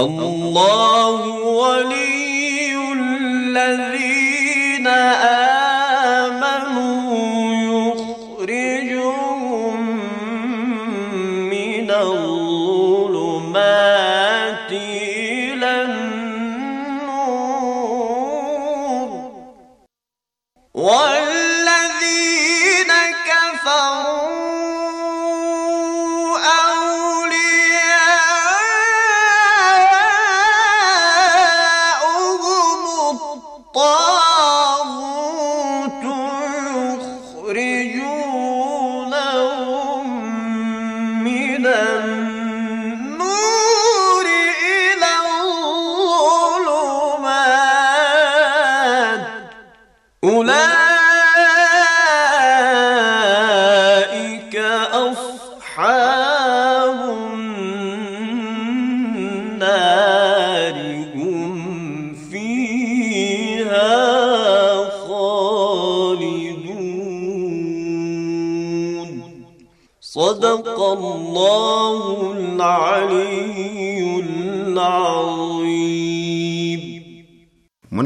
الله ولي الذي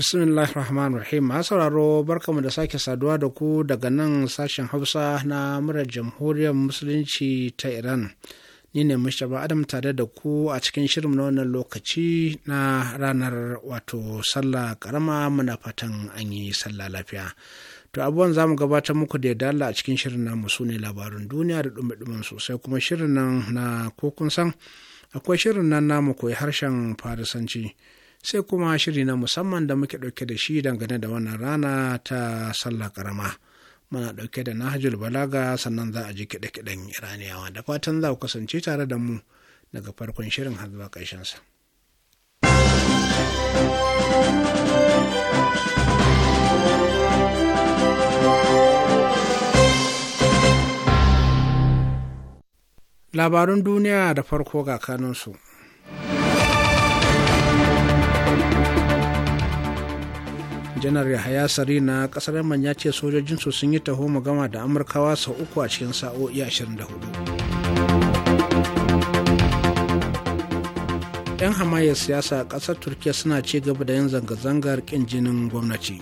bismillahir rahman rahim a sauraro barkamu da sake saduwa da ku daga nan sashen hausa na murar jamhuriyar musulunci ta iran ni ne mustapha adam tare da ku a cikin shirin na wannan lokaci na ranar wato sallah karama muna fatan an yi sallah lafiya to abubuwan za mu gabatar muku da yadda Allah a cikin shirin namu su ne labarin duniya da dumi sosai kuma shirin nan na kokun san akwai shirin nan namu koyi harshen farisanci sai kuma shiri na musamman da muke ɗauke da shi dangane da wannan rana ta sallah karama muna ɗauke da nahajul balaga sannan za a ji kiɗe-kiɗen iraniyawa da fatan za ku kasance tare da mu daga farkon shirin har zuwa ƙarshensa. Labarun duniya da farko ga kanunsu. janar yahaya Sarina na kasar yaman ya ce sojojinsu sun yi taho gama da amurkawa sau uku a cikin sa'o'i ashirin da hudu. 'yan hamayar siyasa a ƙasar turkiya suna ci gaba da yin zanga-zangar kin jinin gwamnati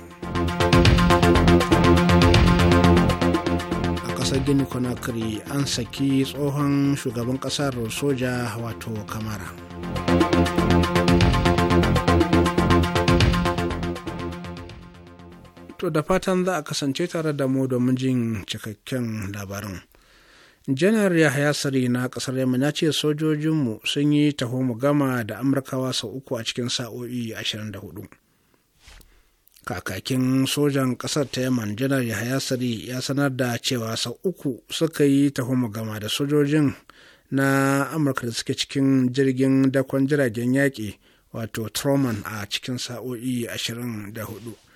a ƙasar gini conakry an saki tsohon shugaban ƙasar soja wato kamara To da fatan za a kasance tare da mu domin jin cikakken labarin. janar yahaya sari na kasar yamma ya ce sojojinmu sun yi taho mu gama da amurkawa sau uku a cikin sa'o'i 24 kakakin sojan kasar ta yaman janar yahaya sari ya sanar da cewa sau uku suka yi taho mu gama da sojojin na amurka da suke cikin jirgin dakon jiragen yaƙi wato troman a cikin sa'o'i 24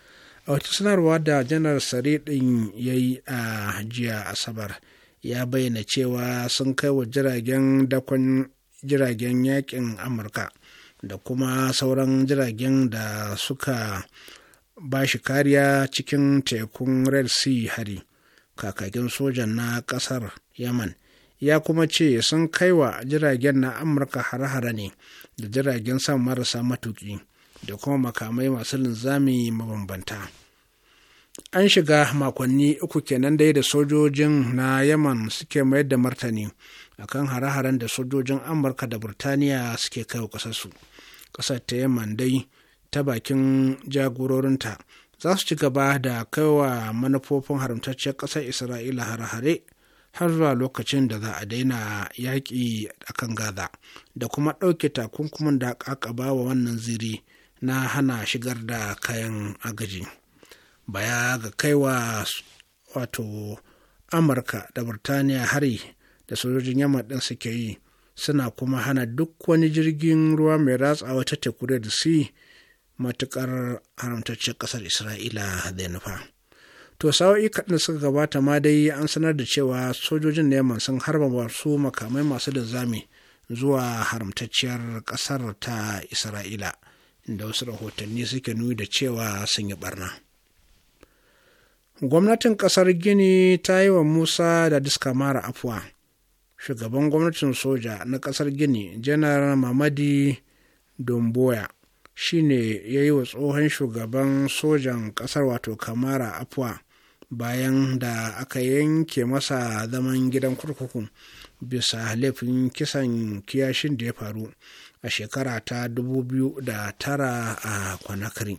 a wata sanarwa da janar sare ɗin ya yi a jiya asabar ya bayyana cewa sun kai wa jiragen dakon jiragen yakin amurka da kuma sauran jiragen da suka ba shi kariya cikin tekun red sea hari kakakin sojan na kasar yaman ya kuma ce sun kai wa jiragen na amurka hare-hare ne da jiragen san marasa matuki da kuma makamai masu linzami mabambanta an shiga makonni uku kenan dai da sojojin na yaman suke mayar da martani akan hare-haren da sojojin amurka da burtaniya suke kai kasarsu kasar ta yaman dai ta bakin jagororinta za su ci gaba da kaiwa manufofin haramtacciyar ƙasar isra'ila hare-hare har zuwa lokacin da za a daina yaƙi a kan gaza da kuma ɗauke takunkumin da aka wa wannan ziri na hana shigar da kayan agaji baya ga kaiwa wato amurka da birtaniya hari da sojojin yamma ɗin suke yi suna kuma hana duk wani jirgin ruwa mai ratsa wata teku red sea matuƙar haramtaccen ƙasar isra'ila da nufa to sa'o'i kaɗan suka gabata ma dai an sanar da cewa sojojin neman sun harba wasu makamai masu linzami zuwa haramtacciyar ƙasar ta isra'ila da wasu rahotanni suke nuni da cewa sun yi barna gwamnatin ƙasar gini ta yi wa musa da diska mara afuwa shugaban gwamnatin soja na ƙasar gini janar mamadi domboya shine ya yi wa tsohon shugaban sojan ƙasar wato kamara afuwa bayan da aka yanke masa zaman gidan kurkuku bisa laifin kisan kiyashin da ya faru a shekara ta 2009 a kwanakari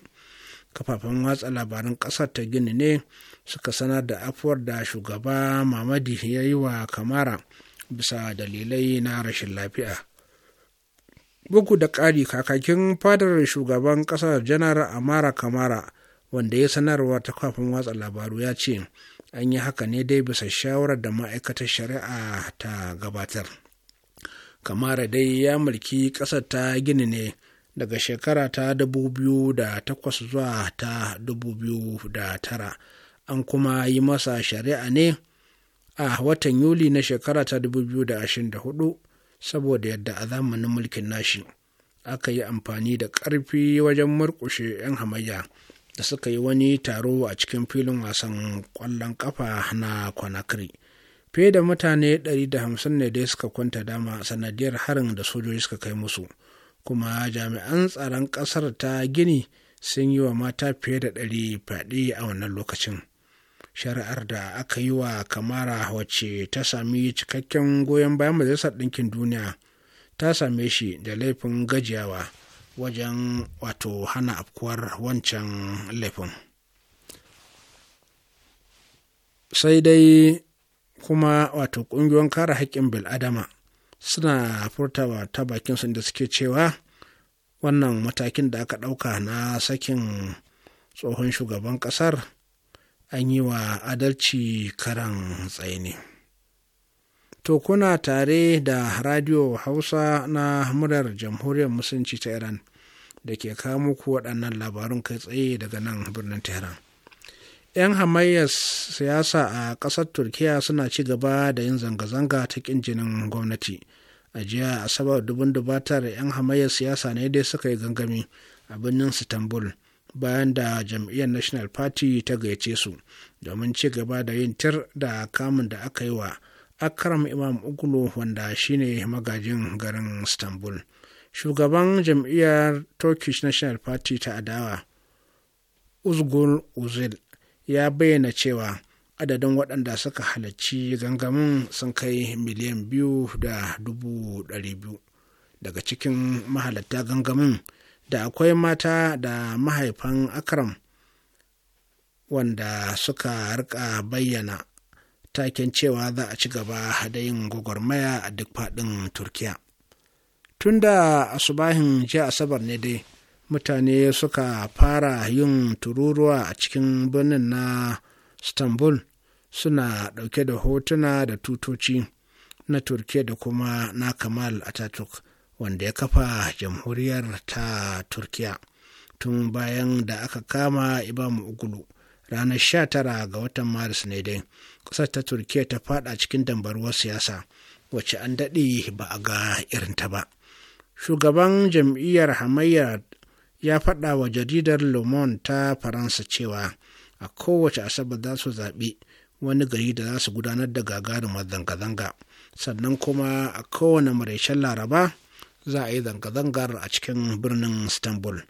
kafafen watsa labaran ƙasar ta gini ne suka sanar da afuwar da shugaba mamadi ya yi wa kamara bisa dalilai na rashin lafiya bugu da ƙari kakakin fadar shugaban ƙasar janar amara kamara wanda ya sanarwa ta kafin watsa labaru ya ce an yi haka ne dai bisa shawarar da ma'aikatar shari'a ta gabatar kamara dai ya mulki ƙasar ta gini ne daga shekara ta 2008 zuwa ta 2009 an kuma yi masa shari'a ne a watan yuli na shekara ta 2024 saboda yadda a zamanin mulkin nashi aka yi amfani da ƙarfi wajen murƙushe 'yan hamayya da suka yi wani taro a cikin filin wasan ƙwallon ƙafa na conakry fiye da mutane 150 ne dai suka kwanta dama sanadiyar harin da sojoji suka kai musu kuma jami'an tsaron ƙasar ta gini sun yi wa mata fiye da ɗari fyaɗe a wannan lokacin shari'ar da aka yi wa kamara wacce ta sami cikakken goyon bayan majalisar ɗinkin duniya ta same shi da laifin gajiyawa wajen wato hana afkuwar wancan laifin sai dai kuma wato ƙungiyoyin kare haƙƙin bil'adama suna furtawa ta bakin su da suke cewa wannan matakin da aka ɗauka na sakin tsohon shugaban ƙasar an yi wa adalci karan tsaye ne. To kuna tare da Radio Hausa na murar Jamhuriyar Musulunci ta Iran da ke kawo muku waɗannan labarun kai tsaye daga nan birnin Tehran. 'yan hamayyar siyasa a ƙasar turkiya suna ci gaba da yin zanga-zanga ta ƙin jinin gwamnati a jiya asabar dubun dubatar 'yan hamayyar siyasa ne dai suka yi gangami a birnin istanbul bayan da jam'iyyar national party ta gayyace su domin ci gaba da yin tir da kamun da aka yi wa akram imam ugulu wanda shine magajin garin istanbul shugaban jam'iyyar turkish national party ta adawa uzgur uzil ya bayyana cewa adadin waɗanda suka halarci gangamin sun kai miliyan biyu da dubu ɗari biyu daga cikin mahalatta gangamin da akwai mata da mahaifan akram wanda suka rika bayyana taken cewa za a ci gaba da yin gwagwarmaya a duk faɗin turkiya Tunda da asubahin jiya asabar ne dai mutane suka fara yin tururuwa a cikin birnin na istanbul suna ɗauke da hotuna da tutoci na turkiya da kuma na kamal ataturk wanda ya kafa jamhuriyar ta turkiya tun bayan da aka kama ibamu ugulu ranar sha tara ga watan maris ne dai ƙasar ta turkiya ta fada cikin dambarwar siyasa wacce an daɗe ba a ga irinta ba shugaban jam'iyyar hamayyar ya faɗa wa jaridar le monde ta faransa cewa a kowace asabar za su zaɓi wani gari da za su gudanar da gagarumar zanga-zanga sannan kuma a kowane maraicen laraba za a yi zanga-zangar a cikin birnin istanbul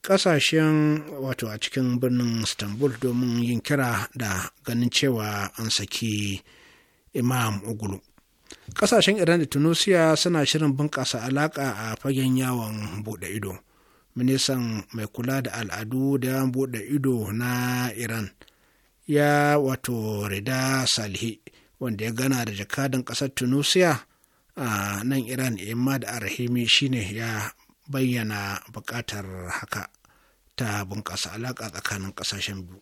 kasashen wato a cikin birnin istanbul domin yin kira da ganin cewa an saki imam ugulu Ƙasashen iran da tunisia suna shirin bunƙasa alaƙa a fagen yawon buɗe ido ministan mai kula da al'adu da yawon buɗe ido na iran ya wato rida salihi wanda ya gana da jakadan ƙasar tunisia a nan iran imma da arhimi shine ya bayyana buƙatar haka ta bunƙasa alaƙa tsakanin ƙasashen biyu.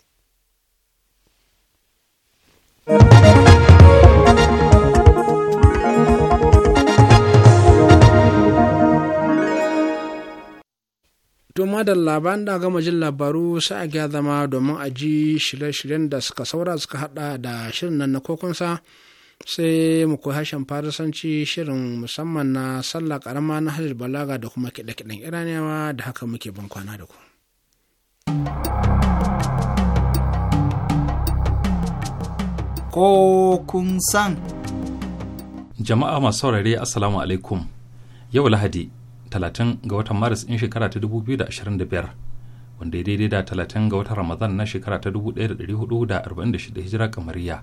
To madalla bayan da gama jin labaru sai a gya zama domin a ji shirye-shiryen da suka saura suka hada da shirin nan na kokonsa sai mu koyi harshen farisanci shirin musamman na sallah karama na hajjar balaga da kuma kiɗe-kiɗen iraniyawa da haka muke ban kwana da ku. Ko san. Jama'a masu saurare Assalamu alaikum. Yau Lahadi 30 ga watan maris in shekara ta 2025 wanda ya daidai da 30 ga watan ramadan na shekara ta 1446 hijira kamariya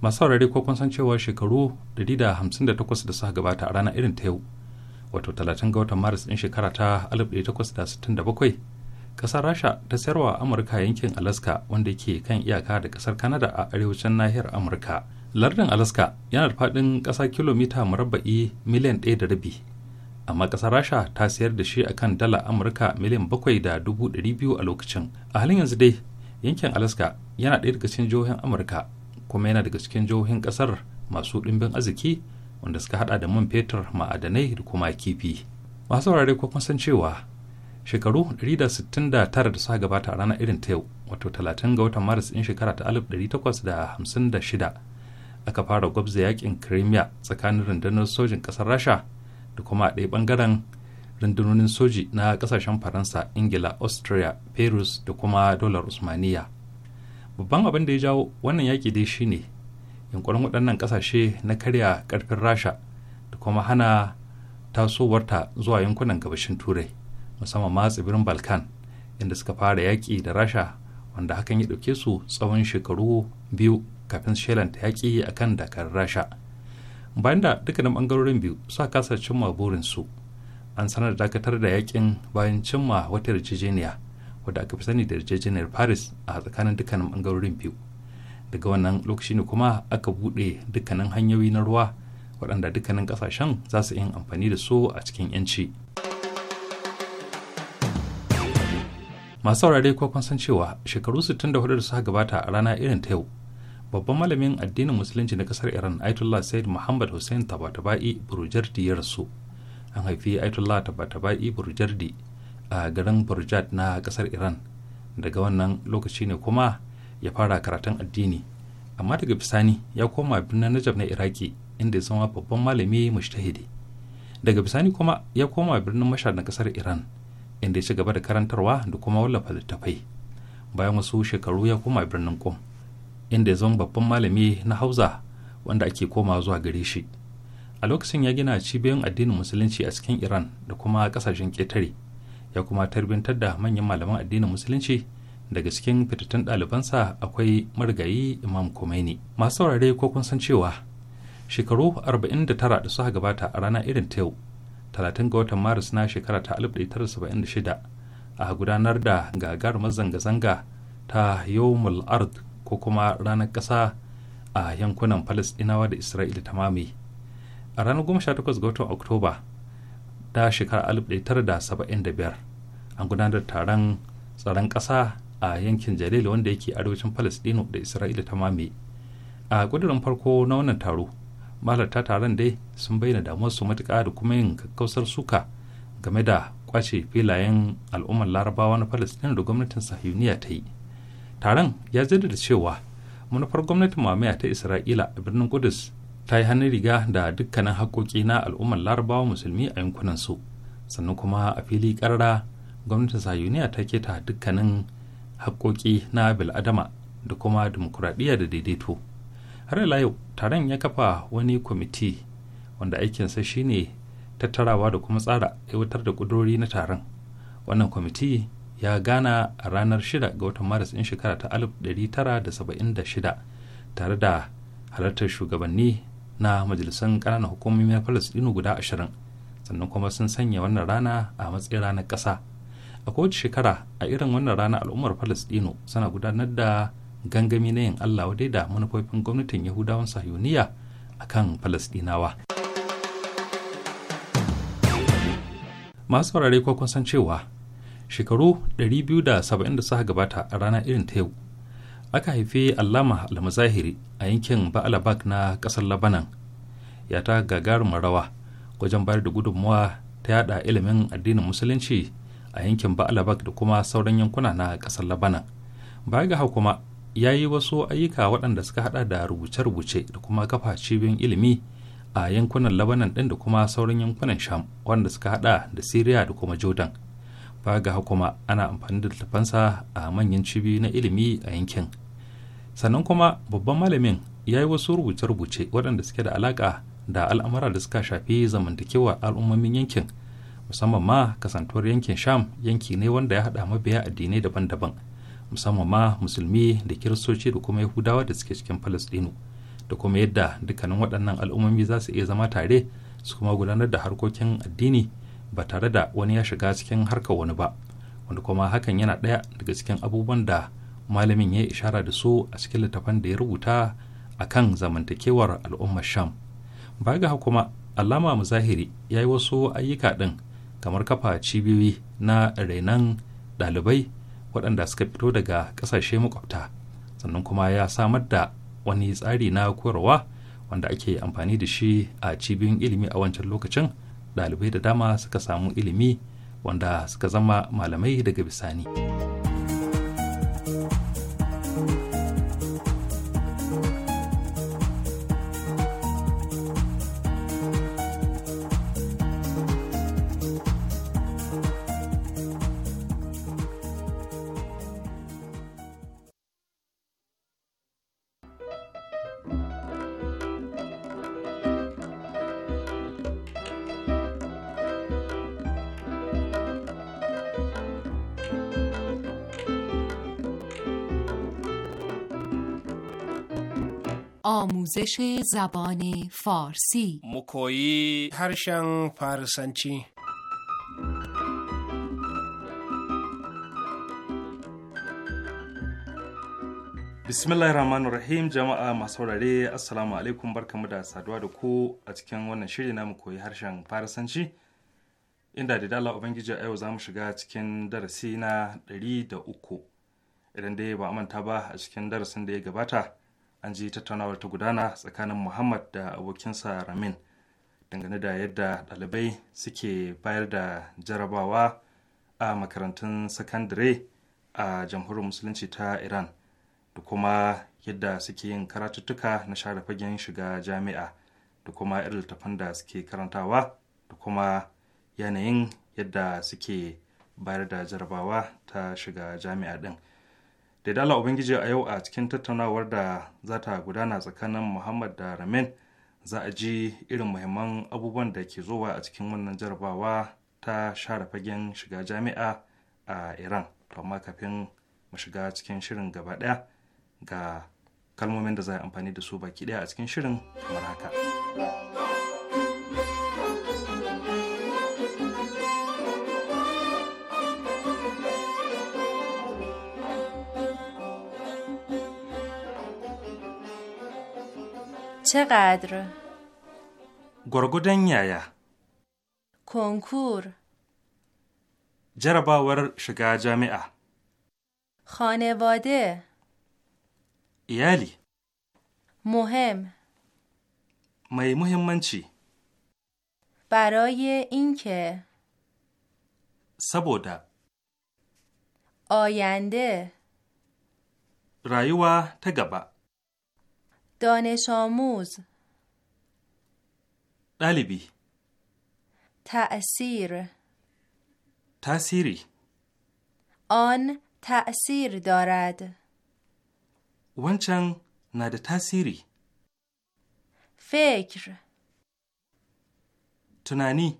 masu saurare ko kun san cewa shekaru 158 da suka gabata a ranar irin ta yau wato 30 ga watan maris in shekara ta 1867 kasar rasha ta sayarwa amurka yankin alaska wanda ke kan iyaka da kasar kanada a arewacin nahiyar amurka lardin alaska yana da faɗin ƙasa kilomita murabba'i miliyan ɗaya da rabi amma ƙasar rasha ta sayar da shi akan dala amurka miliyan bakwai da dubu ɗari biyu a lokacin a halin yanzu dai yankin alaska yana ɗaya daga cikin jihohin amurka kuma yana daga cikin jihohin ƙasar masu ɗimbin arziki wanda suka hada da man fetur ma'adanai da kuma kifi masu wurare ko kun san cewa shekaru 169 da suka gabata a ranar irin ta yau wato 30 ga watan maris ɗin shekara ta 1856 aka fara gwabza yakin crimea tsakanin rundunar sojin ƙasar rasha da kuma a ɗaya ɓangaren rundunonin soji na ƙasashen faransa ingila austria perus da kuma dolar usmaniya babban abin da ya jawo wannan yaƙi dai shine yunkurin waɗannan ƙasashe na karya ƙarfin rasha da kuma hana tasowarta zuwa yankunan gabashin turai musamman ma tsibirin balkan inda suka fara yaƙi da rasha wanda hakan ya ɗauke su tsawon shekaru biyu kafin ta yaƙi akan dakarun rasha bayan da dukkanin bangarorin biyu su suka kasa cimma burinsu an sanar da dakatar da yakin bayan cimma wata yarjejeniya wadda aka fi sani da yarjejeniyar paris a tsakanin dukkanin bangarorin biyu daga wannan lokaci ne kuma aka buɗe dukkanin hanyoyi na ruwa waɗanda dukkanin kasashen za su yin amfani da su a cikin 'yanci. masu saurare kwakwan san cewa shekaru 64 da suka gabata a rana irin ta yau babban malamin addinin musulunci na kasar iran aitullah said muhammad hussein tabatabai burjardi ya rasu an haifi aitullah tabatabai burjardi a garin burjad na kasar iran daga wannan lokaci ne kuma ya fara karatun addini amma daga bisani ya koma birnin najab na iraki inda ya zama babban malami mushtahidi daga bisani kuma ya koma birnin mashhad na kasar iran inda ya ci gaba da karantarwa da kuma wallafa littattafai bayan wasu shekaru ya koma birnin kum inda ya zama babban malami na hauza wanda ake koma zuwa gare shi a lokacin ya gina cibiyoyin addinin musulunci a cikin iran da kuma kasashen ƙetare ya kuma tarbintar da manyan malaman addinin musulunci daga cikin fitattun ɗalibansa akwai marigayi imam Khomeini. masu saurare ko kun san cewa shekaru 49 da suka gabata a rana irin ta yau 30 ga watan maris na shekara ta 1976 a gudanar da gagarumar zanga-zanga ta yomul ard ko kuma ranar ƙasa a yankunan falasɗinawa da isra'ila ta mame a ranar 18 ga watan oktoba ta shekarar biyar an gudanar da taron tsaron ƙasa a yankin jalil wanda yake arewacin falasɗinu da isra'ila ta mame a ƙudurin farko na wannan taro malarta taron dai sun bayyana damuwarsu matuƙa da kuma yin kakkausar suka game da kwace filayen al'ummar larabawa na falasɗinu da gwamnatin sahiyuniya ta yi taron ya da cewa manufar gwamnatin mamaya ta isra'ila a birnin kudus ta yi hannun riga da dukkanin haƙoƙi na al'ummar larabawa musulmi a yankunan su sannan kuma a fili ƙarara gwamnatin sayuniya ta keta dukkanin haƙoƙi na bil'adama da kuma dimokuraɗiyya da daidaito har ila yau taron ya kafa wani kwamiti wanda aikinsa shine tattarawa da kuma tsara aiwatar da ƙudurori na taron wannan kwamiti ya gana a ranar 6 ga watan maris in shekara ta 1976 tare da halartar shugabanni na majalisar ƙananan hukumomi na palestino guda ashirin sannan kuma sun sanya wannan rana a matsayin ranar ƙasa a kowace shekara a irin wannan rana al'ummar palestino suna gudanar da gangami na yin allah wadai da manufofin gwamnatin yahudawan sahiyoniya akan palestinawa masu saurare ko kun san cewa shekaru 270 da suka gabata a rana irin ta yau aka haife allama almazahiri a yankin ba'alabak na kasar labanan ya ta gagarumin rawa wajen bayar da gudunmuwa ta yada ilimin addinin musulunci a yankin ba'alabak da kuma sauran yankuna na kasar labanan baya ga kuma ya yi wasu ayyuka waɗanda suka hada da rubuce-rubuce da kuma kafa cibiyoyin ilimi a yankunan labanan ɗin da kuma sauran yankunan sham wanda suka hada da siriya da kuma jordan ba ga kuma ana amfani da littafansa a manyan cibi na ilimi a yankin sannan kuma babban malamin ya yi wasu rubuce-rubuce waɗanda suke da alaƙa da al'amura da suka shafi zamantakewa al'ummomin yankin musamman ma kasantuwar yankin sham yanki ne wanda ya haɗa mabiya addinai daban-daban musamman ma musulmi da kiristoci da kuma yahudawa da suke cikin falastinu da kuma yadda dukkanin waɗannan al'ummomi za su iya zama tare su kuma gudanar da harkokin addini ba tare da wani ya shiga cikin harkar wani ba wanda kuma hakan yana ɗaya daga cikin abubuwan da malamin ya yi ishara da su a cikin littafan da ya rubuta a kan zamantakewar al'ummar sham ba ga kuma alama zahiri ya yi wasu ayyuka ɗin kamar kafa cibiyoyi na renon ɗalibai waɗanda suka fito daga ƙasashe makwabta sannan kuma ya samar da wani tsari na koyarwa wanda ake amfani da shi a cibiyoyin ilimi a wancan lokacin ɗalibai da dama suka samu ilimi wanda suka zama malamai daga bisani. آموزش زبان koyi مکویی هرشن فارسنچی bismillah rahman rahim jama'a masu saurare assalamu alaikum barkamu da saduwa da ku a cikin wannan shiri mu koyi harshen farisanci inda da dala ubangiji a yau za mu shiga cikin darasi na ɗari da uku idan dai ba a manta ba a cikin darasin da ya gabata an ji tattaunawar ta gudana tsakanin muhammad da abokinsa ramin dangane da yadda ɗalibai suke bayar da jarabawa a makarantun sakandare a jamhuriyar musulunci ta iran da kuma yadda suke yin karatuttuka na share fagen shiga jami'a da kuma irin littafan da suke karantawa da kuma yanayin yadda suke bayar da jarabawa ta shiga jami'a ɗin. da dala ubangiji a yau a cikin tattaunawar da za ta gudana tsakanin muhammad da ramin za a ji irin muhimman abubuwan da ke zowa a cikin wannan jarabawa ta share fagen shiga jami'a a iran to amma kafin mu shiga cikin shirin gaba daya ga kalmomin da za a amfani da su baki daya a cikin shirin kamar haka. چقدر؟ گرگودن یایا کنکور جرباور شگا جامعه خانواده ایالی مهم می مهم من چی؟ برای اینکه سبودا، آینده رایوه تگبه دانش آموز قلبی تأثیر تأثیری آن تأثیر دارد ونچن ند تأثیری فکر تنانی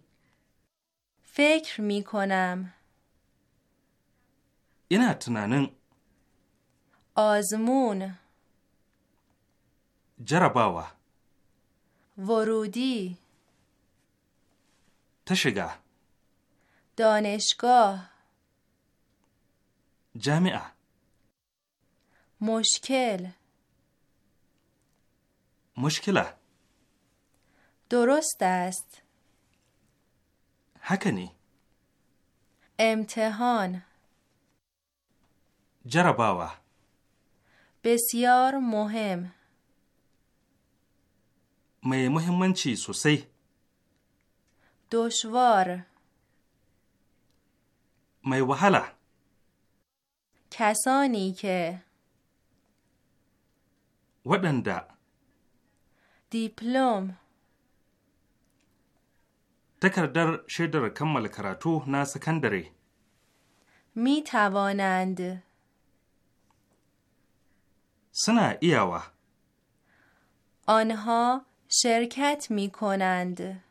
فکر می کنم اینا تنانن آزمون جرباوه ورودی تشگه دانشگاه جامعه مشکل مشکله درست است هکنی امتحان جرباوه بسیار مهم mai muhimmanci sosai. دشوار mai wahala کسانی ke. waɗanda Diplom. takardar shaidar kammala karatu na sakandare می توانند suna iyawa آنها شرکت می کنند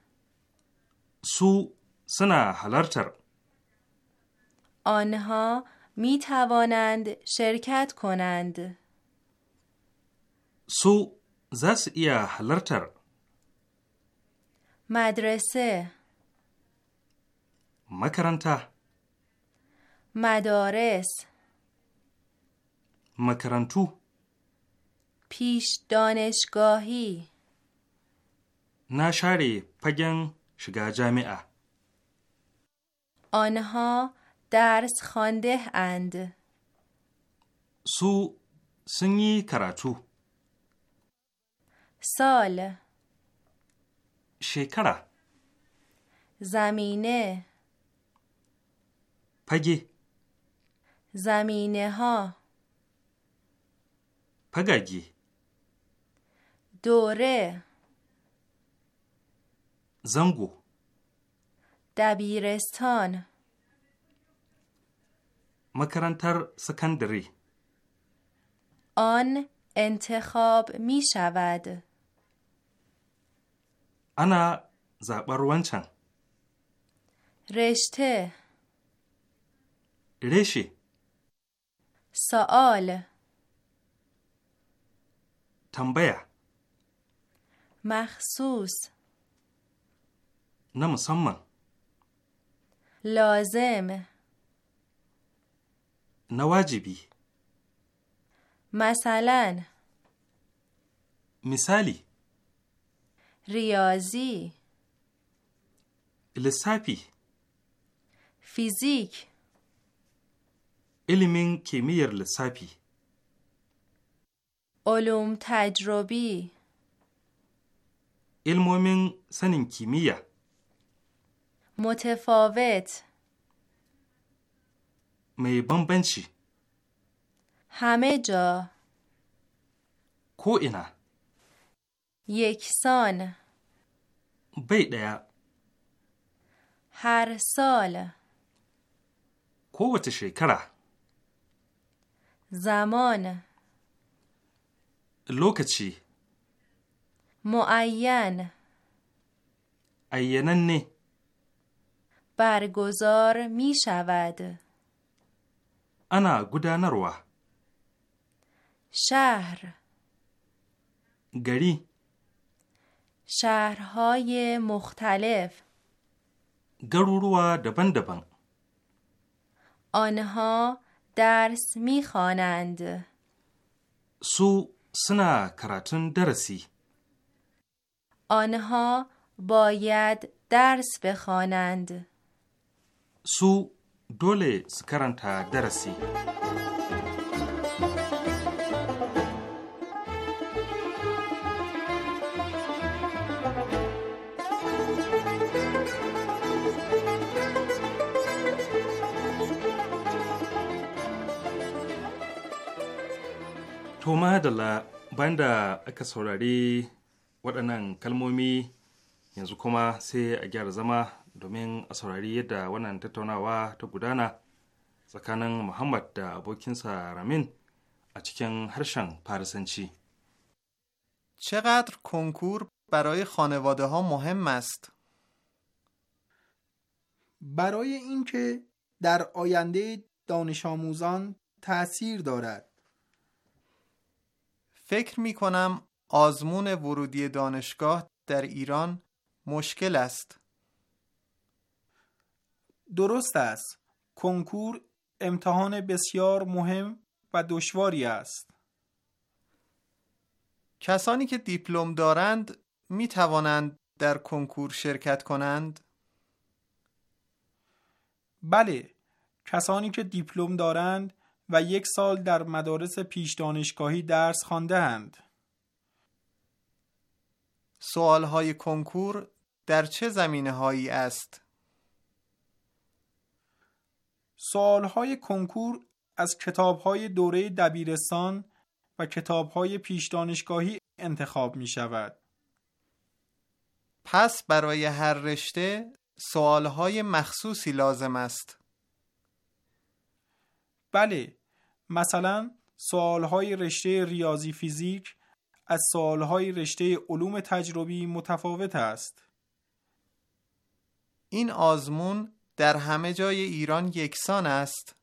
سو سنا حلرتر آنها می توانند شرکت کنند سو زس یا حلرتر مدرسه مکرانتا مدارس مکرانتو پیش دانشگاهی na share fagen shiga jami'a. آنها درس خوانده اند. سو سنی کراتو. سال. شکره. زمینه. پگی. زمینه ها. پگگی. دوره. زنگو دبیرستان مکرانتر سکندری آن انتخاب می شود انا زبر رشته رشی سوال تنبیه مخصوص نه مسمم لازم نه واجبی مثلا مثالی ریاضی لسپی فیزیک ilimin kimiyyar lissafi. Olum tajrobi Ilmomin sanin kimiyya. متفاوت میبان بنچی همه جا کو اینا یکسان بیده هر سال کووت شکرا زمان لوکچی معین ایننن نی برگزار می شود انا گدانروا شهر گری شهرهای مختلف گروروا دبن دبن آنها درس می خوانند سو سنا کراتن درسی آنها باید درس بخوانند. su dole su karanta darasi. To madalla banda aka saurari waɗannan kalmomi yanzu kuma sai a gyara zama domin a saurari yadda wannan tattaunawa ta gudana tsakanin muhammad da abokinsa ramin a cikin harshen farisanci چقدر کنکور برای خانواده ها مهم است؟ برای اینکه در آینده دانش آموزان تأثیر دارد فکر می کنم آزمون ورودی دانشگاه در ایران مشکل است درست است کنکور امتحان بسیار مهم و دشواری است کسانی که دیپلم دارند می توانند در کنکور شرکت کنند بله کسانی که دیپلم دارند و یک سال در مدارس پیش دانشگاهی درس خوانده اند سوال های کنکور در چه زمینه هایی است؟ سوالهای کنکور از کتابهای دوره دبیرستان و کتابهای پیش دانشگاهی انتخاب می شود. پس برای هر رشته سوالهای مخصوصی لازم است. بله، مثلا سوالهای رشته ریاضی فیزیک از سوالهای رشته علوم تجربی متفاوت است. این آزمون در همه جای ایران یکسان است؟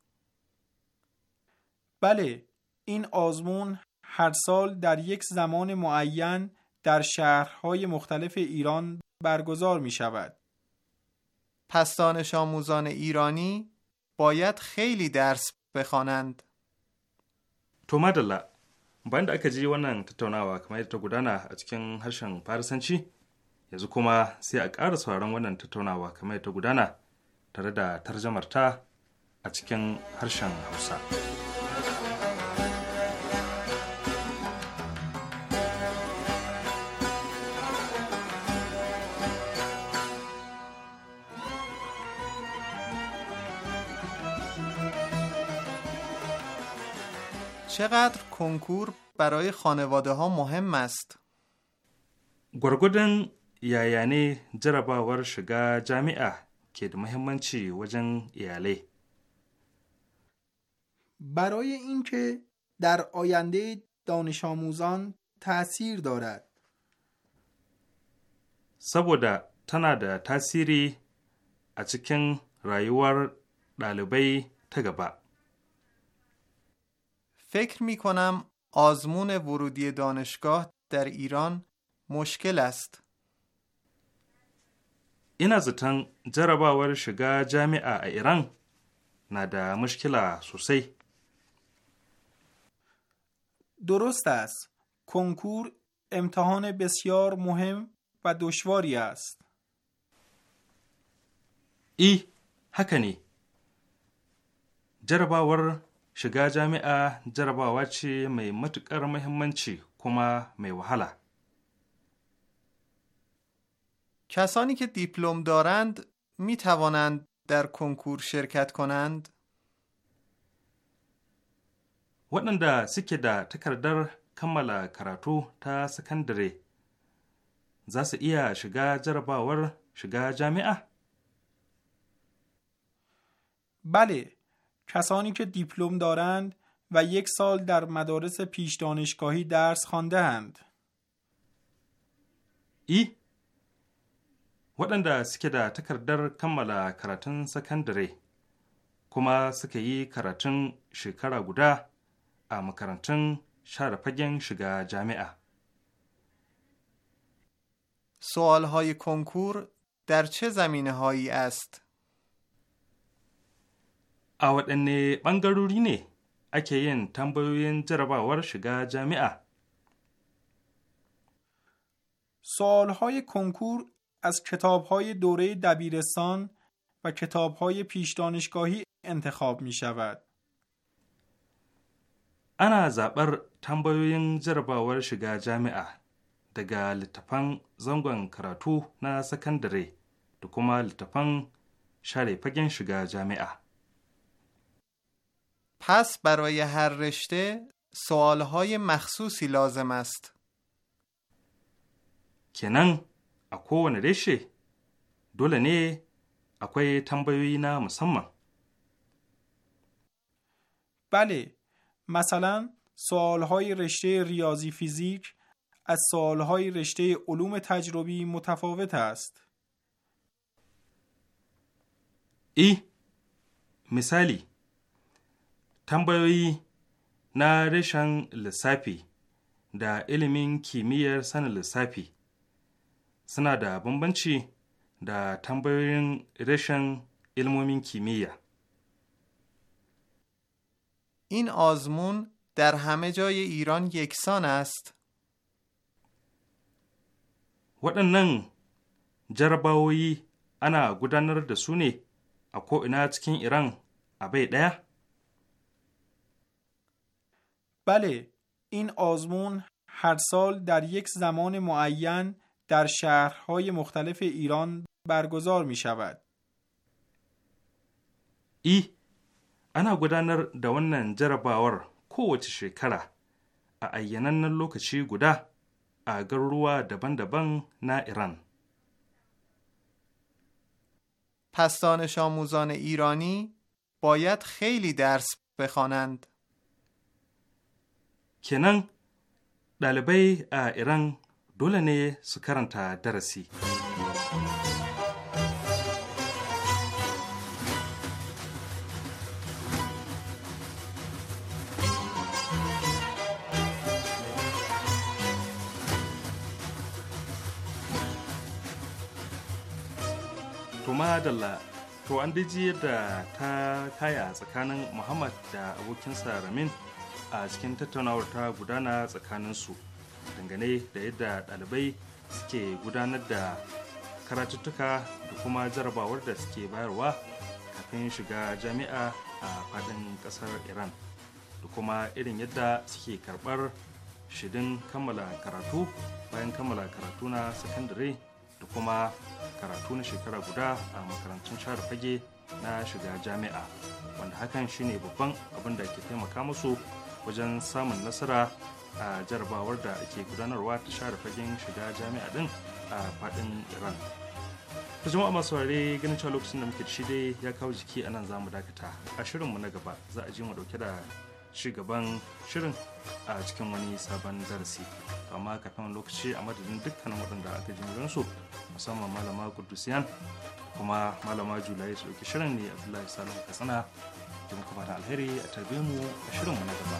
بله، این آزمون هر سال در یک زمان معین در شهرهای مختلف ایران برگزار می شود. پس دانش آموزان ایرانی باید خیلی درس بخوانند. تو مدله، باید اکجی جی ونن تتونا و کمایی تو گدانا اچکن هرشن پارسنچی، یزو کما سی اکار سواران ونن تتونا و تو گدانا، tare da tarjamarta a cikin harshen Hausa. چقدر کنکور برای خانواده ها مهم است؟ گرگودن یا یعنی جرباور شگا جامعه که چی مهمنچی وجن برای اینکه در آینده دانش آموزان تاثیر دارد saboda tana da tasiri a cikin rayuwar ɗalibai ta فکر می کنم آزمون ورودی دانشگاه در ایران مشکل است. ina zaton jarabawar shiga jami'a a Iran na da mushkila sosai. Dorostas, konkur imtihan besyar muhim va dushwari است. I, haka ne. Jarabawar shiga jami'a jarabawa ce mai matuƙar muhimmanci kuma mai wahala. کسانی که دیپلم دارند می توانند در کنکور شرکت کنند؟ waɗanda suke da takardar kammala karatu ta sakandare za su iya shiga jarabawar shiga jami'a? بله کسانی که دیپلم دارند و یک سال در مدارس پیش دانشگاهی درس خوانده اند. ای waɗanda suke da takardar kammala karatun sakandare kuma suka yi karatun shekara guda a makarantun share fagen shiga jami'a. سوالهای کنکور در چه زمینه هایی است؟ a waɗanne ɓangarori ne ake yin tambayoyin jarabawar shiga jami'a? سالهای کنکور از کتاب های دوره دبیرستان و کتاب های پیش دانشگاهی انتخاب می شود. انا زبر تنبایوین جرباور شگا جامعه دگا لطفان زنگان کراتو نا سکندره دکوما لطفان شاره شگا جامعه پس برای هر رشته سوال های مخصوصی لازم است. کنن a kowane reshe dole ne akwai بله مثلا سوالهای رشته ریاضی فیزیک از سوالهای رشته علوم تجربی متفاوت است ای مثالی تنبایوی نا رشن لسپی دا علمین کیمیر سن لسپی suna da bambanci da tambayoyin rashin ilmomin kimiyya. in آزمون در همه جای ایران یکسان است. waɗannan jarabawoyi ana gudanar da su ne a ko'ina cikin Iran a bai ɗaya? Bale, In آزمون هر سال در یک زمان در شهرهای مختلف ایران برگزار می شود. ای ana gudanar da wannan jarabawar kowace shekara a ayyanannen lokaci guda a garuruwa daban-daban na Iran. پس دانش آموزان ایرانی باید خیلی درس بخوانند. کنن دلبه ایران dole ne su karanta darasi. Tuma Dalla To an daji yadda ta kaya tsakanin Muhammad da abokinsa Ramin a cikin tattaunawar ta gudana tsakaninsu. su. dangane da yadda ɗalibai suke gudanar da karatuttuka da kuma jarabawar da suke bayarwa kafin shiga jami'a a faɗin ƙasar iran da kuma irin yadda suke karɓar shidin kammala karatu bayan kammala karatu na sakandare da kuma karatu na shekara guda a makarantun share fage na shiga jami'a wanda hakan shine babban abin da ke taimaka musu wajen samun nasara a jarabawar da ake gudanarwa ta share fagen shiga jami'a din a fadin iran ta jama'a masu ware ganin cewa lokacin da muke shi dai ya kawo jiki a nan zamu dakata a shirinmu na gaba za a ji mu dauke da gaban shirin a cikin wani sabon darasi amma kafin lokaci a madadin dukkanin waɗanda aka ji su musamman malama kudusiyan kuma malama julai su ɗauki shirin ne abdullahi salihu katsina ke muku fata alheri a tarbe mu a shirinmu na gaba.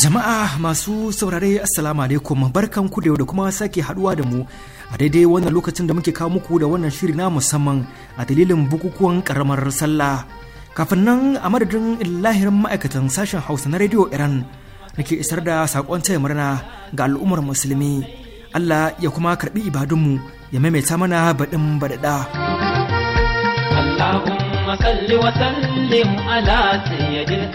Jama'a masu saurare Assalamu alaikum barkan ku da yau da kuma sake haduwa da mu a daidai wannan lokacin da muke kawo muku da wannan shiri na musamman a dalilin bukukuwan karamar sallah kafin nan a madadin lahirin ma'aikatan sashen hausa na rediyo iran da ke isar da saƙon taya murna ga al'ummar musulmi allah ya kuma karɓi ibadunmu ya maimaita mana baɗin baɗaɗa salli wa sallim ala sayyidil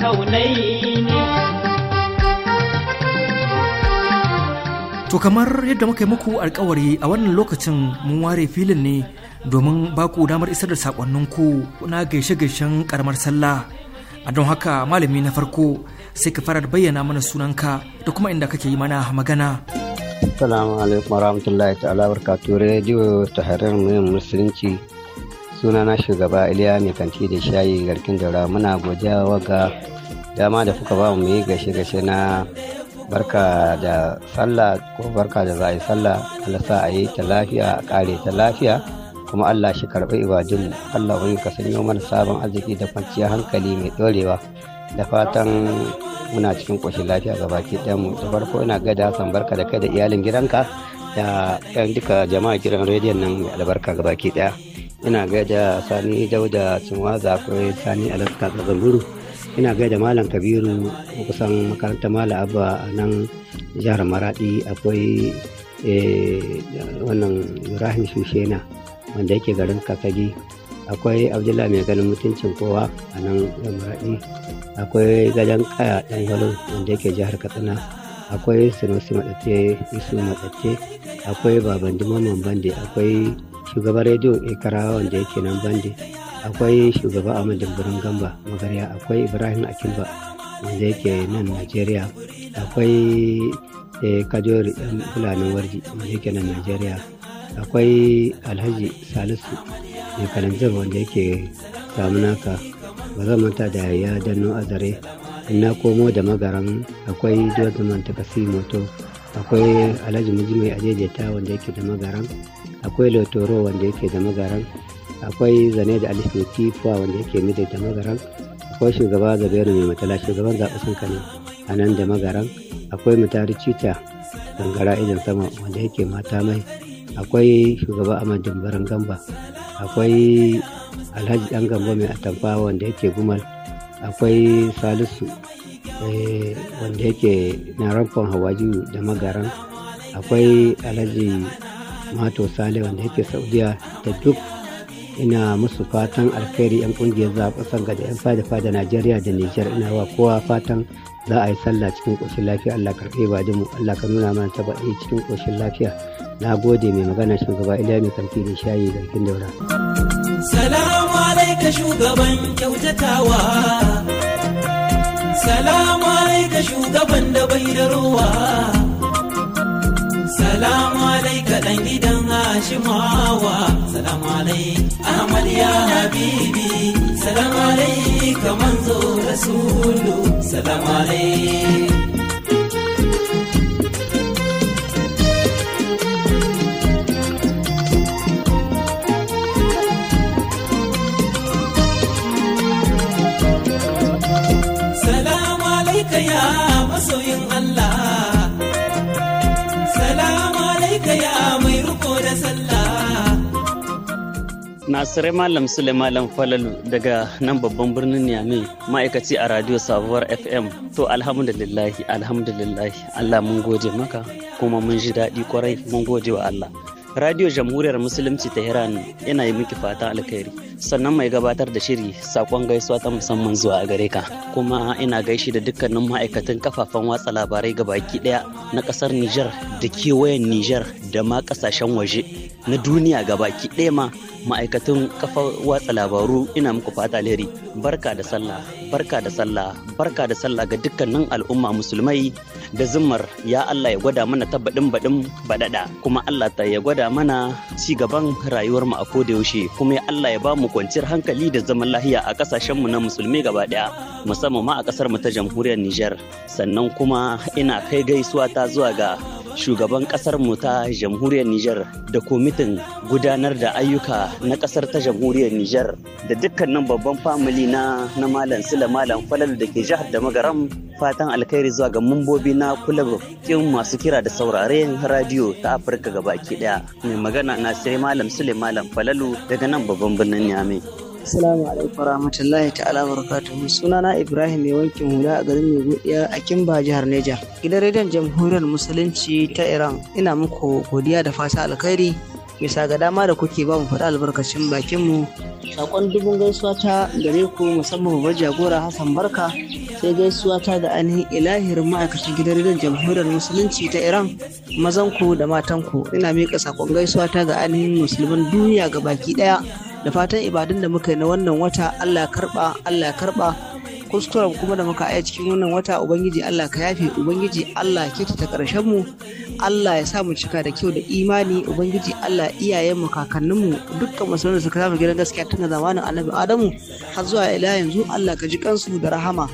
To kamar yadda muka yi muku alkawari a wannan lokacin mun ware filin ne domin baku damar isar da sakonninku na gaishe-gaishen karamar sallah. A don haka malami na farko sai ka fara bayyana mana sunanka da kuma inda kake yi mana magana. Assalamu alaikum warahmatullahi ta'ala ture jiwo ta harar muyin musulunci na shugaba Iliya mai kanti da shayi garkin daura muna godiya waga dama da kuka ba mu yi gashe-gashe na barka da sallah ko barka da za a yi sallah Allah sa a yi ta lafiya a kare ta lafiya kuma Allah shi karɓi ibadun Allah wani ka sanyo mana sabon arziki da kwanciyar hankali mai ɗorewa da fatan muna cikin ƙoshin lafiya ga baki mu da farko ina gaida Hassan barka da kai da iyalin gidanka da yan duka jama'a gidan rediyon nan mai albarka ga baki ɗaya ina gaida Sani Dauda Cinwaza akwai Sani Alaska zamburu ina gaida malam kabiru kusan makarantar malam abba a nan jihar maradi akwai eh, wannan ibrahim shushena wanda yake garin kakagi akwai abdullahi mai ganin mutuncin kowa a nan maradi akwai gadon kaya dan yalo wanda yake jihar katsina akwai sinusi matsatte isu matsatte akwai baban dimaman bande akwai shugaban rediyo ikara wanda yake nan bande akwai shugaba ahmad dimbirin gamba magarya akwai ibrahim akilba wanda yake nan najeriya akwai eh, kajori ɗan eh, fulanin warji wanda yake nan najeriya akwai alhaji salisu mai kalanzir wanda yake samunaka ba zan manta da ya danno azare ina komo da magaran akwai dozman Kasi moto akwai alhaji Mujimai ajejeta wanda yake da magaran akwai lotoro wanda yake da magaran akwai zane da alif mai tifuwa wanda yake mida da magaran akwai shugaba zubairu mai matala shugaban zaɓen kane a nan da magaran akwai mutari cita gangara idan sama wanda yake mata mai akwai shugaba ahmad dimbaran gamba akwai alhaji dan gamba mai atamfa wanda yake gumal akwai salisu eh, wanda yake na ramfon hawaji da magaran akwai alhaji mato sale wanda yake saudiya da duk ina musu fatan alkhairi 'yan kungiyar za kusan ga da 'yan fada fada najeriya da nijar ina wa kowa fatan za a yi sallah cikin ƙoshin lafiya allah karɓe ba mu allah ka nuna mana tabaɗi cikin ƙoshin lafiya na gode mai magana shugaba iliya mai kamfe, da shayi garkin daura. salamu alaika shugaban kyautatawa salamu alaika shugaban da bai da ruwa salamu alaika ɗan gidan Hashimawa. Salam alai Ahmad ya Habibi. Salam alai ka manzo Rasulu. Salam alai. Nasirai Malam Sule Falalu daga nan babban birnin Niamey ma'aikaci a Radio Sabuwar FM. To alhamdulillahi alhamdulillahi Allah mun gode maka kuma mun ji daɗi kwarai mun gode wa Allah. Radio Jamhuriyar Musulunci ta hiran yana yi miki fatan alkhairi. Sannan mai gabatar da shiri sakon gaisuwa ta musamman zuwa gare ka. Kuma ina gaishe da dukkanin ma'aikatan kafafen watsa labarai gabaki ɗaya na ƙasar Nijar da kewayen Nijar da ma kasashen waje. na duniya ga baki ɗaya ma ma'aikatan kafar watsa labaru ina muku fata alheri barka da sallah barka da sallah barka da sallah ga dukkanin al'umma musulmai da zimmar ya Allah ya gwada mana ta baɗin baɗaɗa kuma Allah ta ya gwada mana ci gaban rayuwar mu a koda yaushe kuma ya Allah ya ba mu kwanciyar hankali da zaman lahiya a kasashen mu na musulmi gaba ɗaya musamman ma a kasar mu ta jamhuriyar Nijar sannan kuma ina kai gaisuwa ta zuwa ga shugaban kasar mu ta jamhuriyar Nijar da komitin gudanar da ayyuka na kasar ta jamhuriyar Nijar da dukkanin babban famili na na Malam Sula Malam Falal da ke jihar da Magaram fatan alkhairi zuwa ga mambobi na kulab kin masu kira da sauraren radio ta Afirka gabaki daya. Mai magana na sai Malam Sule Malam Falalu daga nan babban birnin Niamey. Assalamu alaikum warahmatullahi ta'ala barakatuh. Sunana Ibrahim mai wankin hula a garin mai a Kimba jihar Neja. Gidan rediyon Jamhuriyar Musulunci ta Iran ina muku godiya da fata alkhairi. bisa ga dama da kuke ba mu faɗa albarkacin bakin mu sakon dubun gaisuwa ta gare ku musamman babbar jagora Hassan Barka sai gaisuwa ta da ainihin ilahir ma'aikacin gidan rijiyar jamhuriyar musulunci ta Iran mazan ku da matan ku ina miƙa sakon gaisuwa ta ga ainihin musulman duniya ga baki ɗaya da fatan ibadun da muka yi na wannan wata Allah karɓa Allah karɓa kuskuren kuma da muka aya cikin wannan wata ubangiji Allah ka yafe ubangiji Allah ke ta karshen mu Allah ya sa mu cika da kyau da imani ubangiji Allah iyayen mu kakannin mu dukkan suka gidan gaskiya tun zamanin Annabi Adamu har zuwa ila yanzu Allah ka ji kansu da rahama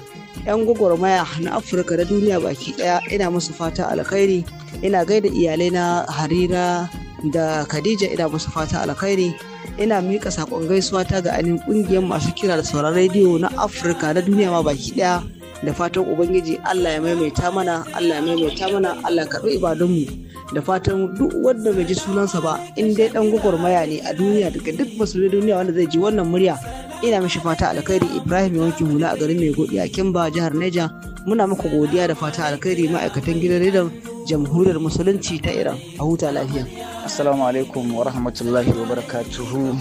yan gwagwarmaya na Afirka da duniya baki daya ina musu fata alkhairi ina gaida iyalai na Harira da Khadija ina musu fata alkhairi ina mika sakon gaisuwa ta ga anin kungiyar masu kira da sauran rediyo na Afirka na duniya ma baki daya da fatan Ubangiji Allah ya maimaita mana Allah ya maimaita mana Allah karɓi ibadunmu da fatan duk wanda bai ji sunansa ba in dai ɗan gwagwarmaya ne a duniya daga duk musulmi duniya wanda zai ji wannan murya ina mishi fata alkhairi Ibrahim Yawanki Hula a garin Maigodi a Kimba jihar Neja muna muku godiya da fata alkhairi ma'aikatan gidan rediyon jamhuriyar musulunci ta iran a huta lafiya assalamu alaikum wa rahmatullahi wa barakatuhu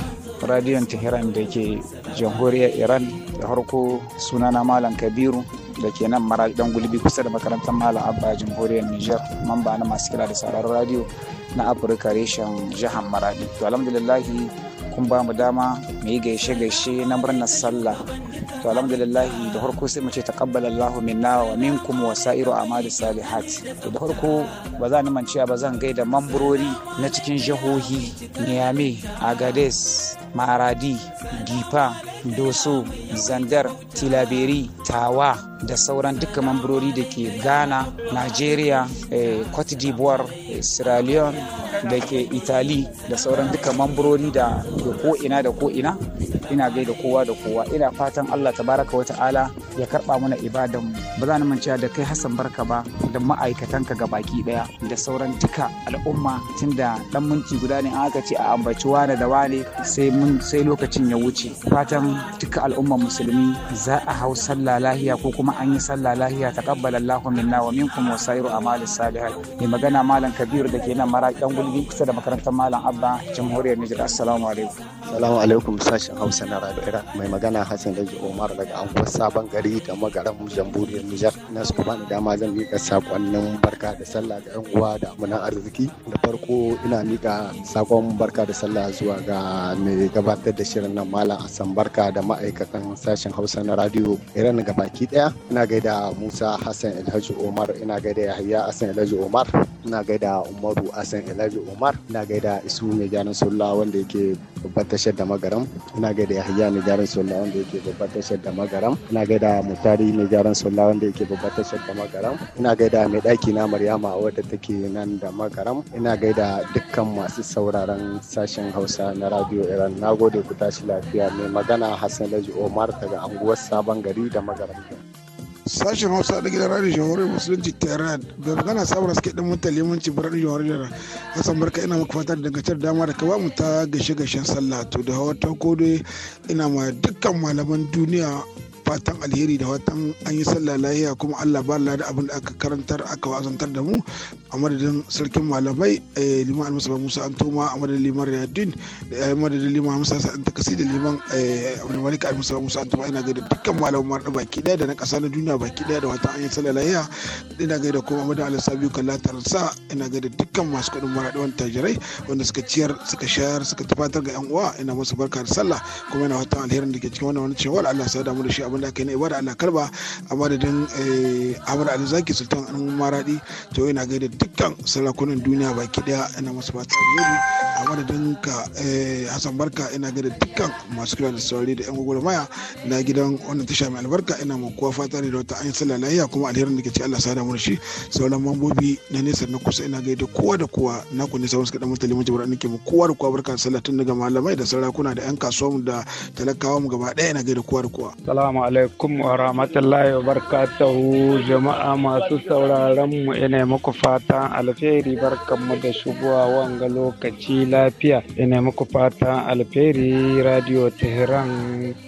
radiyon tehran da ke jamhuriyar iran da harko sunana malam kabiru da ke nan mara dan gulbi kusa da makarantar malam abba jamhuriyar niger mamba na masu kira da sauraron radio na afirka reshen jihar maradi to alhamdulillahi kun ba mu dama mu yi gaishe-gaishe na murnar sallah to alhamdulillah da farko sai mu ce taqabbal Allah minna wa minkum wa sa'iru amali salihat to da farko ba za ni manciya ba zan gaida mamburori na cikin jihohi Niamey Agades Maradi Gifa Doso Zandar Tilaberi Tawa da sauran duka mamburori da ke Ghana Nigeria eh, Cote d'Ivoire sierra leone da ke itali da sauran duka mamburori da ko ko'ina da ko'ina ina gaida kowa da kowa ina fatan allah tabaraka wa ta'ala ya karba mana ibadan ba za na da kai hassan barka ba da ma'aikatanka ga baki daya da sauran duka al'umma tun da dan minti guda ne an aka ce a ambaci wane da wane sai mun sai lokacin ya wuce fatan duka al'umma musulmi za a hau sallah lahiya ko kuma an yi sallah lahiya taqabbala Allahu minna wa minkum wa sa'iru amali salihat mai magana malam ka kabiru da ke nan maraƙin gulbi kusa da makarantar malam abba jamhuriyar nijar assalamu alaikum Salamu alaikum sashen hausa na Rabira mai magana hassan daji omar daga anguwar sabon gari da magaran jamhuriyar nijar na su kuma dama zan miƙa saƙonnin barka da sallah ga ƴan uwa da amina arziki da farko ina miƙa sakon barka da sallah zuwa ga mai gabatar da shirin nan malam asan barka da ma'aikatan sashen hausa na radio iran gabaki daya ina gaida musa hassan alhaji umar ina gaida yahaya hassan alhaji omar ina gaida umaru asan elijah umar ina gaida isu mai gyaran sola wanda yake babbar tashar da magaram ina gaida yahaya mai gyaran sola wanda yake babbar tashar da magaram ina gaida mutari mai gyaran sola wanda yake babbar tashar da magaram ina gaida mai daki na maryama wadda take nan da magaram ina gaida dukkan masu sauraron sashen hausa na radio iran na gode ku tashi lafiya mai magana hassan laji omar daga anguwar sabon gari da magaram sashen hausa da gidan radio jamhuriyar musulunci tehran bai magana samun suke dan mutan limanci radio jamhuriyar hassan barka ina maka da dangantar dama da ka ba mu ta gashe gashen sallah to da hawa ta kodai ina ma dukkan malaman duniya fatan alheri da watan an yi sallah lahiya kuma Allah ba da abin da aka karantar aka wazantar da mu a madadin sarkin malamai eh, liman almasa musa an toma a madadin liman riyadin da eh, madadin liman musa an takasi da liman eh, abdulmalik almasa musa an toma ina gaida dukkan malamai da baki daya da na kasa na duniya baki daya da watan an yi sallah lahiya ina gaida kuma madadin alisabiyu kallatar sa ina gaida dukkan masu kuɗin maraɗi wani tajirai wanda suka ciyar suka shayar suka tafatar ga yan uwa ina musu barka da sallah kuma ina watan alherin da ke cikin wannan wani cewa Allah ya damu da shi abin abin da aka yi na ibada ana karba a madadin eh, Ahmad Ali Zaki Sultan an maradi to yana gaida dukkan sarakunan duniya baki daya ina masu fata alheri a madadin ka eh, Hassan Barka ina gaida dukkan masu kira da saurari da yan maya na gidan wannan tasha mai albarka ina mu kowa fata da wata an sallah lafiya kuma alherin da ke ce Allah sada murshi shi sauran mambobi na nesa na kusa ina gaida kowa da kowa na ku ne sauran suka dan mutane mun jibran ke mu kowa da kowa barka da sallah tun daga malamai da sarakuna da yan kasuwa mu da talakawa mu gaba daya ina gaida kowa da kowa alaikum wa rahmatullahi wa barkatahu jama'a masu sauraron mu ina muku fatan alheri barkanmu da shigowa wanga lokaci lafiya ina muku fatan alheri radio tehran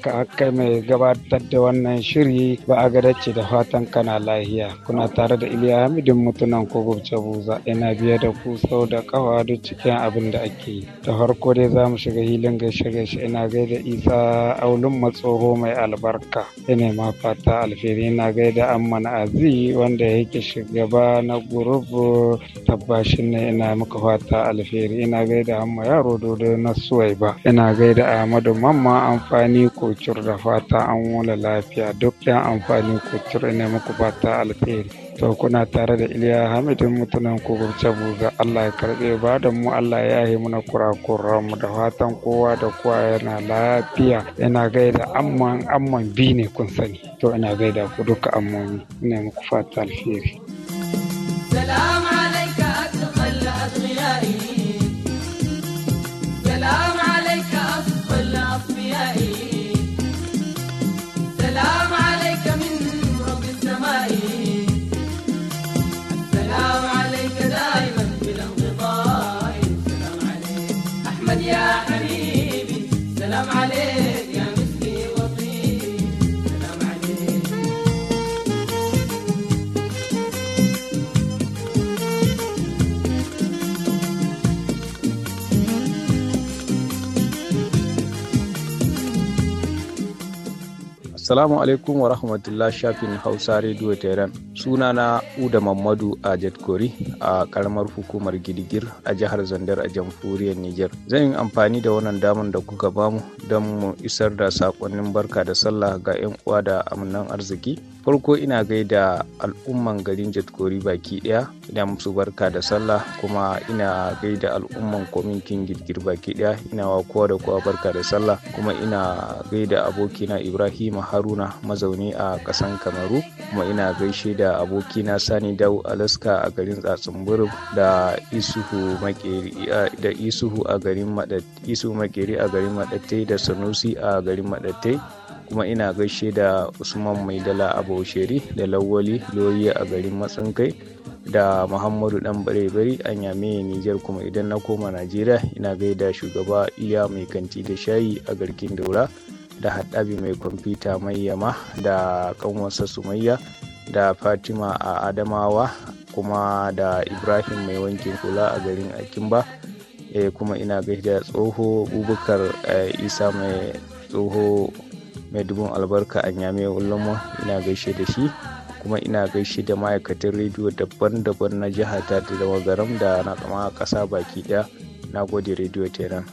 ka aka mai gabatar da wannan shiri ba a gadace da fatan kana lahiya kuna tare da iliya hamidin mutunan kogo buza ina biya da ku sau da kawa duk cikin abin da ake yi. da farko dai za mu shiga hilin gaishe gaishe ina gaida isa aulun matsoho mai albarka ina ma fata alfiri na gaida amman azi wanda yake shugaba na gurubu tabbashin ne ina muka fata alfiri ina gaida amma yaro dodo na suwai ba ina gaida ahmadu mamma amfani kucur da fata an wula lafiya duk yan amfani kucur ina muku fata alfiri to kuna tare da iliya hamidin mutunan kogar ga allah ya karbe ba da mu allah ya yi muna kurakuran mu da fatan kowa da kowa yana lafiya yana gaida amman amman bi ne kun sani to ina gaida ku duka amman ina muku fata alheri Assalamu alaikum wa rahmatullah shafin Hausa Radio Tehran. Suna na Uda Mamadu a Kori a karamar hukumar Gidigir a jihar Zandar a jamhuriyar Niger. Zan yi amfani da wannan damar da kuka bamu don mu isar da sakonnin barka da sallah ga 'yan uwa da amnan arziki farko ina gaida al'umman garin jatkori baki daya ina musu barka da sallah kuma ina gaida al'umman kwaminkin girgir baki daya ina wa kowa da kowa barka da sallah kuma ina gaida abokina ibrahim haruna mazauni a kasan kamaru kuma ina gaishe da abokina sani dau alaska a garin tsatsunburu da isuhu makeri a garin makeri a garin madatte da sanusi a garin madatte kuma ina gaishe da usman mai dala a bausheri da lawali loyi a garin matsinkai da muhammadu dan bare a an yame nijar kuma idan na koma najeriya ina gaida shugaba iya mai kanti da shayi a garkin daura da haɗabi mai kwamfuta mai yama da kanwarsa sumayya da fatima a adamawa kuma da ibrahim mai wankin kula a garin akimba e, kuma ina gaida tsoho bubukar eh, isa mai tsoho mai dubin albarka a nyame ulama ina gaishe da shi kuma ina gaishe da ma'aikatan rediyo daban-daban na jihata da garam da na kama ƙasa baki ɗaya na gode rediyo kenan.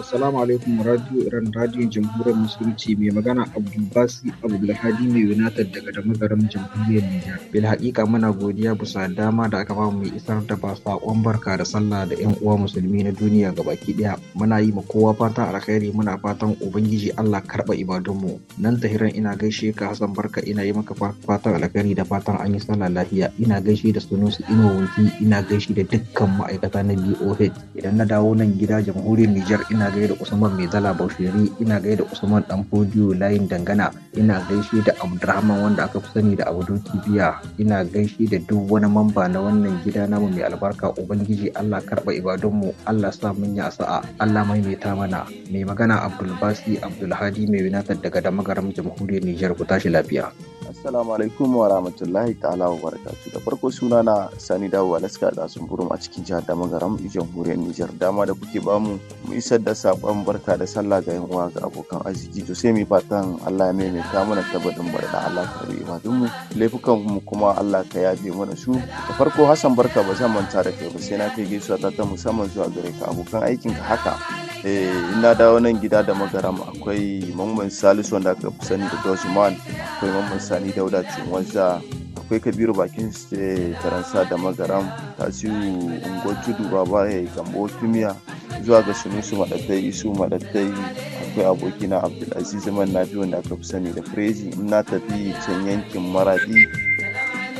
Assalamu alaikum radio Iran radio jamhuriyar musulunci mai magana Abdulbasi Abdulhadi mai yunatar daga da magaram jamhuriyar Nijar. Bil haƙiƙa muna godiya bisa dama da aka bamu mai isar da ba saƙon barka da sallah da 'yan uwa musulmi na duniya gabaki ɗaya. Muna yi ma kowa fatan alkhairi muna fatan ubangiji Allah karɓa ibadunmu. Nan tahiran ina gaishe ka Hassan Barka ina yi maka fatan alkhairi da fatan an yi sallah lafiya. Ina gaishe da Sunusi Inuwa ina gaishe da dukkan ma'aikata na BOH. Idan na dawo nan gida jamhuriyar Nijar ina ina da Usman Mai zala bausheri ina da Usman Dan Fodiyo Layin Dangana, ina gaishe da Abdurrahman wanda aka fi sani da Abu Biya, ina gaishe da duk wani mamba na wannan gida namu mai albarka Ubangiji Allah karba ibadunmu, Allah sa mun ya sa'a, Allah maimaita mana. Mai magana Abdulbasi Abdulhadi mai winatar daga damagaram jamhuriyar Nijar ku tashi lafiya. Assalamu alaikum wa rahmatullahi ta'ala wa barakatu. Da farko suna na Sani Dawo Alaska da sun a cikin jihar Damagaram jamhuriyar Nijar. Dama da kuke bamu mu isar da sakon barka da sallah ga yan uwa ga abokan arziki to sai mu fatan Allah ya maimaita mana tabbatin bar da Allah ka yi ibadun mu. Laifukan mu kuma Allah ka yafe mana su. Da farko Hassan barka ba zan manta da kai ba sai na kai gaisuwa ta ta musamman zuwa gare ka abokan aikin ka haka. Eh ina dawo nan gida da magaram akwai Mamman Salisu wanda aka fi sani da Dosman akwai Mamman sani dauda cinwanza akwai kabiru bakin taransa eh, da magaram tasiru ungo tudu baba ya eh, gambo tumiya zuwa ga sunusu madadai isu madadai akwai abokina abdulaziz man nafi wanda aka fi sani da frezi in na tafi can yankin maradi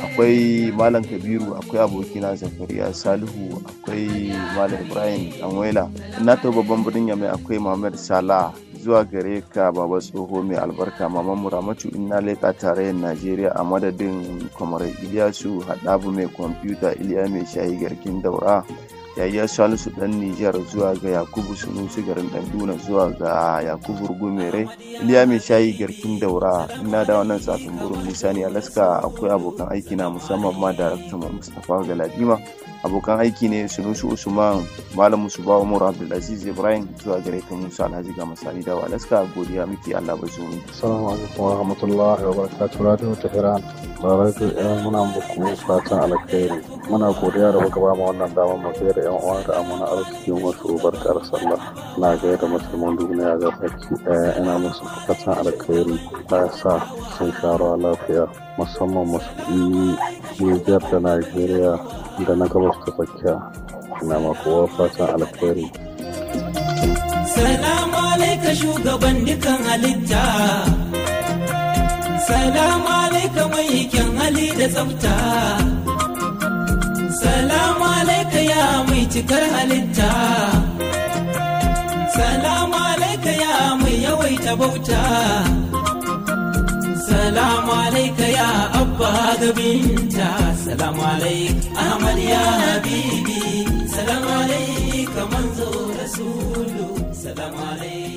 akwai malam kabiru akwai abokina zakariya salihu akwai malam ibrahim anwela in na tafi babban birnin yamai akwai muhammad salah zuwa gare ka baba tsoho mai albarka maman muramatu ina tare tarayyar najeriya a madadin kwamar iliyasu haɗabu mai kwamfuta iliya mai shayi garkin daura yayya salisu dan nijar zuwa ga yakubu sigarin garin danduna zuwa ga yakubu rugumere iliya mai shayi garkin daura ina da wannan safin burin nisani alaska akwai abokan aiki na musamman ma darakta mustapha galadima abokan aiki ne sunusu usman malam musubawa mura abdulaziz ibrahim zuwa gare ka musa alhaji ga masani da alaska godiya miki allah ba zuwa assalamu alaikum wa rahmatullahi wa barakatuh radio tehran tare da eh, muna muku fatan alkhairi muna godiya da baka ba mu wannan damar mu da yan uwa da amana arzikin wasu barkar sallah na gaya da musulman duniya ga baki ɗaya ina musu fatan alkhairi ta sa sun sharo lafiya musamman musulmi nijar da najeriya da na gabas ta tsakiya na makowa fatan alkhairi salamu alaikum shugaban dukan halitta salamu alaikum mai hali da tsafta salamu alaika ya mai cikar halitta salamu alaika ya mai yawaita bauta salamu alaika ya abba gabinta salamu alaika ahmad ya habibi salamu alaika manzo rasulu salamu alaika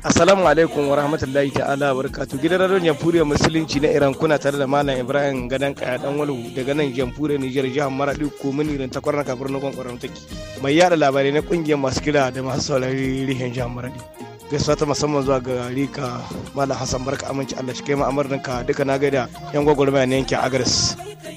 Assalamu alaikum wa rahmatullahi ta'ala wa barakatu. Gidan radon Jamhuriyar Musulunci na Iran kuna tare da Malam Ibrahim Gadan Kaya Dan Walu daga nan Jamhuriyar Nijar jihar Maradi ko Iran ta kwarna kafin na kwankwaron take. Mai yada labarai na kungiyar masu kira da masu saurari rihin jihar Maradi. gaisuwa ta musamman zuwa ga rika malam hassan barka aminci allah shi kai ma ka duka na gaida yan gwagwarmaya na yankin agres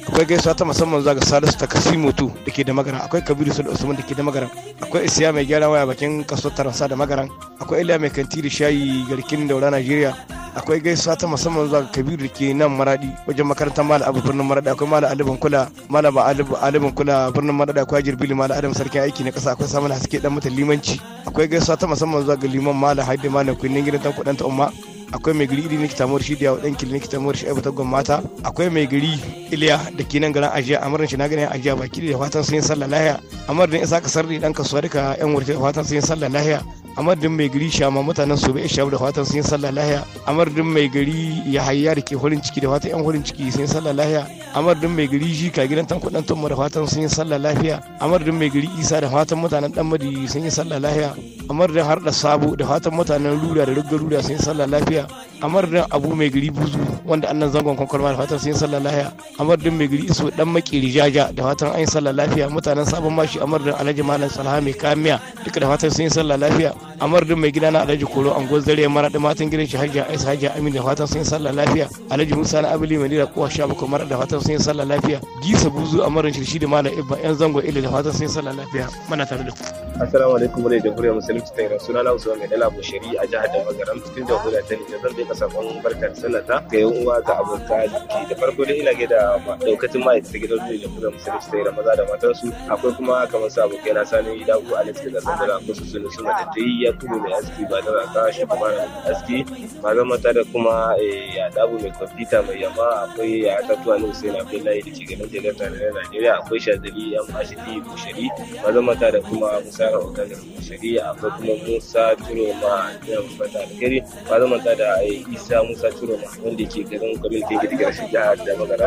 akwai gaisuwa ta musamman zuwa ga salisu ta kasimutu da ke da magaran akwai kabiru sul usman da ke da magaran akwai isiya mai gyara waya bakin kaso taransa da magaran akwai iliya mai kanti da shayi garkin daura najeriya akwai gaisuwa ta musamman zuwa kabiru da ke nan maradi wajen makaranta malam abu birnin maradi akwai malam alibin kula malam alibin kula birnin maradi akwai jirbili malam adam sarkin aiki na kasa akwai samun haske dan mutan limanci akwai gaisuwa ta musamman zuwa ga liman malam haidai malam kunnin gidan tan ta umma akwai mai gari iri likita mawar shi da dan kili likita mawar shi aibata gwan mata akwai mai gari iliya da ke nan garin ajiya amarin shi na gani ajiya baki da fatan sun yi sallah lahiya amar din isa ka sarri dan kasuwa duka yan wurce da fatan sun yi sallah lahiya amar din mai gari shama mutanen su bai shabu da fatan sun yi sallah lahiya amar din mai gari ya hayya da ke horin ciki da fatan yan horin ciki sun yi sallah lahiya amar din mai gari ji ka gidan tanku dan da fatan sun yi sallah lafiya amar din mai gari isa da fatan mutanen dan madi sun yi sallah lahiya amar har da sabu da fatan mutanen lura da rugga lura sun yi sallah lahiya lahiya a abu mai gari buzu wanda annan zangon kwankwalma da fatan sun sallah lafiya a madadin mai gari iso dan makeri jaja da fatan an yi sallah lafiya mutanen sabon mashi a madadin alhaji malam salha mai kamiya duka da fatan sun yi sallah lafiya a madadin mai gida na alhaji koro an zare mara da matan gidan shi hajji aisa hajji amin da fatan sun yi sallah lafiya alhaji musa na abili mai da kowa sha bakwai mara da fatan sun yi sallah lafiya gisa buzu a madadin shirshi da malam ibba yan zango ila da fatan sun yi sallah lafiya mana tare da ku. Assalamu alaikum ne jamhuriyar musulunci ta Iran sunana Usman Mai Dala Bushiri a jihar da Damagaram cikin jamhuriyar ta Nijar zan daika sakon barka da sallata ga yan uwa ga abokan arziki da farko dai ina ga da daukacin ma'aikata gidan rediyon jamhuriyar musulunci ta Iran maza da matansu akwai kuma kamar su abokai na Sani Dago Alex daga Zandara ko su sunu suna da tayi ya tubu mai aski ba da raka shi kuma da aski ba zan mata da kuma ya eh, dabu mai kwamfuta mai yamma akwai ya tatuwa ne Hussein layi da ke ganin jirgin tare na Najeriya akwai Shazali yan Ashidi Bushiri zan mata da kuma Musa Sara Otagar Shari'a akwai kuma Musa Turoma Jihar Fata Alkari ba zan manta da Isa Musa Turoma wanda ke garin kwamitin gidigar shi jihar da magana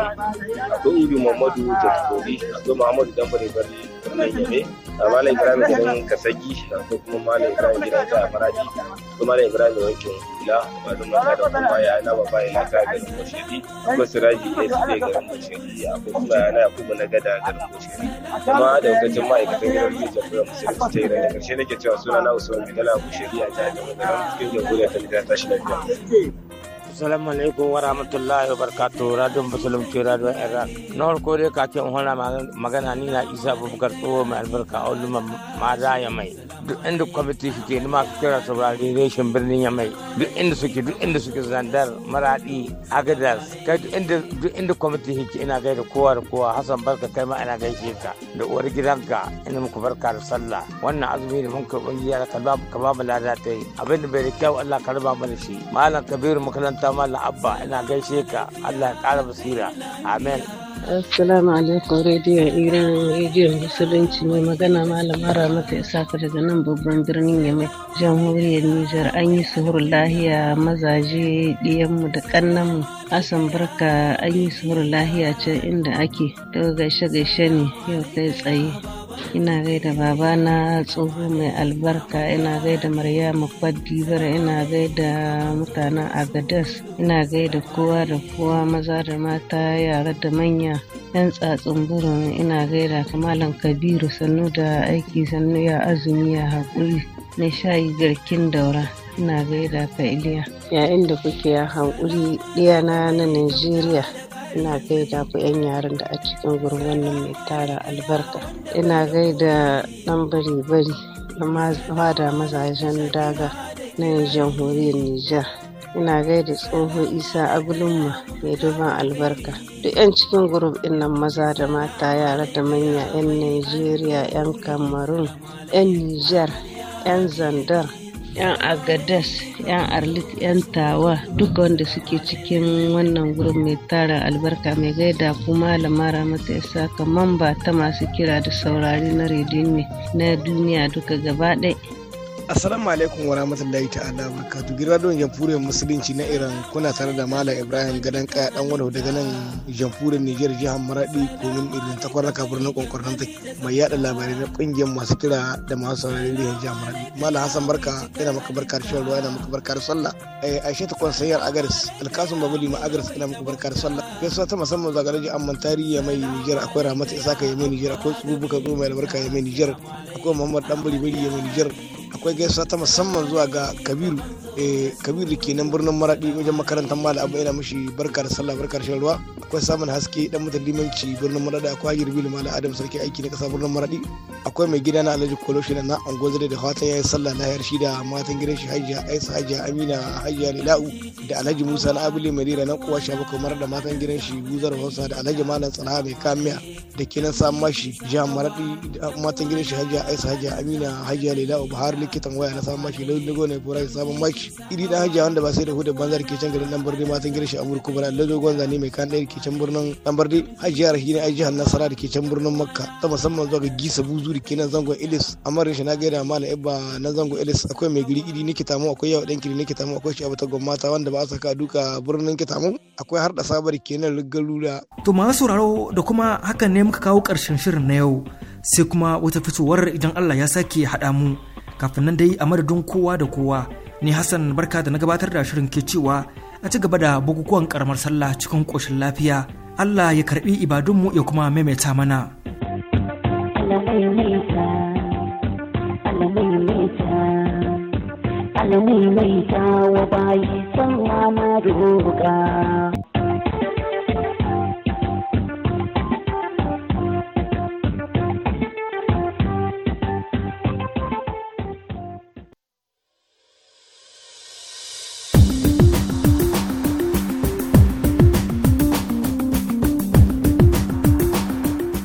akwai Udu Muhammadu Jakobori akwai Muhammadu Dambari Bari laife eh, a malam ibrahim gidan kasagi ko kuma malam ibrahim gidan ta faraji ko malam ibrahim wankin hula ba zan mata da kuma ya ana ba ba ina ka garin koshiri ko siraji ya su zai garin koshiri akwai kuma yana ya kuma na gada garin koshiri kuma da lokacin ma'aikatan gidan su jamhuriyar musulunci ta iran da karshe nake cewa suna na usman bidala koshiri a jihar da magaran cikin jamhuriyar ta ta tashi lafiya. assalamu alaikum wa rahmatullahi wa barakatu radon musulunci radon iraq na farko dai kafin hana magana ni na isa abubakar tsoho mai albarka a oluman ma ya mai duk inda kwamiti suke ni ma kira saurari reshen birnin mai duk inda suke duk inda suke zandar maradi agadas kai duk inda duk inda kwamiti suke ina gaida kowa da kowa hasan barka kai ma ina gaishe ka da uwar gidanka ina muku barka da sallah wannan azumi ne mun ka kungiya ka ba ka ba lada ta abin da bai da kyau Allah ka raba mana shi malam kabiru makaranta malam abba ina gaishe ka Allah ya kara basira amen Assalamu alaikum rediyo Iran radio Musulunci mai magana malama Ramata ya saka daga nan babban birnin Yamai jamhuriyar Nijar an yi suhur lahiya mazaje ɗiyanmu da ƙannanmu asan barka an yi suhur lahiya can inda ake daga gaishe gaishe ne yau kai tsaye ina gaida babana tsoho mai albarka ina gaida maryama kwadibar ina gaida mutanen agadas ina gaida kowa da kowa maza da mata yara da manya yan tsatsun burin ina gaida kamalan kabiru sannu da aiki sannu ya azumi ya haƙuri na shayi garkin daura ina gaida ka iliya yayin da kuke ya haƙuri ɗiyana na nigeria ina gaida ku 'yan yaran da a cikin gurin wannan mai tara albarka ina gaida dan bari bari na fada mazajen daga na jamhuriyar nijar ina gaida tsoho isa a agulumma mai duban albarka duk 'yan cikin gurub din nan maza da mata yara da manya 'yan nigeria 'yan Kamarun, 'yan nijar 'yan zandar 'yan agadas 'yan arlit 'yan tawa duka wanda suke cikin wannan gurin mai tara albarka mai gaida kuma lamara mata ya saka mamba ta masu kira da saurari na rediyo na duniya duka gaba ɗaya Assalamu alaikum wa rahmatullahi ta'ala barkatu. Giradon Jamhuriyar Musulunci na Iran kuna tare da Malam Ibrahim Gadan Kaya dan wani daga nan Jamhuriyar Nijar jihar Maradi komin Irin ta kwarraka na Konkordon ta mai yada labarai na kungiyar masu kira da masu sauraron rediyon jihar Maradi. Malam Hassan Barka ina maka barkar shan ruwa ina maka barkar sallah. Eh Aisha ta konsayyar Agaris Alkasum Babali ma Agaris ina maka barkar sallah. Gaisuwa ta musamman zagara ji amman tarihi mai Nijar akwai Ramatu Isaka ya mai Nijar akwai Tsubuka Goma Albarka ya mai Nijar akwai Muhammad Dan Bari ya mai Nijar akwai gaisuwa ta musamman zuwa ga kabiru eh, kabiru kenan birnin maradi wajen makarantar malam abu yana mishi barka da sallah barkar da shan ruwa akwai samun haske dan mutan limanci birnin maradi akwai hajji bilu malam adam sarki aiki na kasa birnin maradi akwai mai gida na alhaji koloshi na angozare da fatan yi sallah lahiyar shi da matan gidan shi hajiya aisa hajiya amina hajiya nila'u da alhaji musa na abule madina na kuwa shafa kamar da matan gidan shi buzar hausa da alhaji malam tsana mai kamiya da kenan samun mashi jihar maradi da matan gidan shi hajiya aisa hajiya amina hajiya nila'u buhari likitan waya na sabon maki lulu lugo ne fura sabon maki iri dan hajiya wanda ba sai da hudu banzar ke can garin dai matan girshi amur bana lalo gonza ne mai kan ɗaya ke can birnin dai hajiya rahina a jihar nasara da ke can birnin makka ta musamman zuwa ga gisa buzu da ke nan zangon ilis amma rashin na gaida na ibba na zangon ilis akwai mai giri iri nikita mu akwai yawa ɗan kiri nikita mu akwai shi gwamma ta wanda ba a saka duka birnin kita mu akwai har da sabar kenan nan lugalula. to masu sauraro da kuma hakan ne muka kawo ƙarshen shirin na yau sai kuma wata fitowar idan Allah ya sake haɗa mu kafin nan dai a madadin kowa da kowa ni hassan barka da na gabatar da shirin ke cewa a ci gaba da bukukuwan karamar sallah cikin koshin lafiya allah ya karbi ibadunmu ya kuma maimaita mana mai bayi roƙa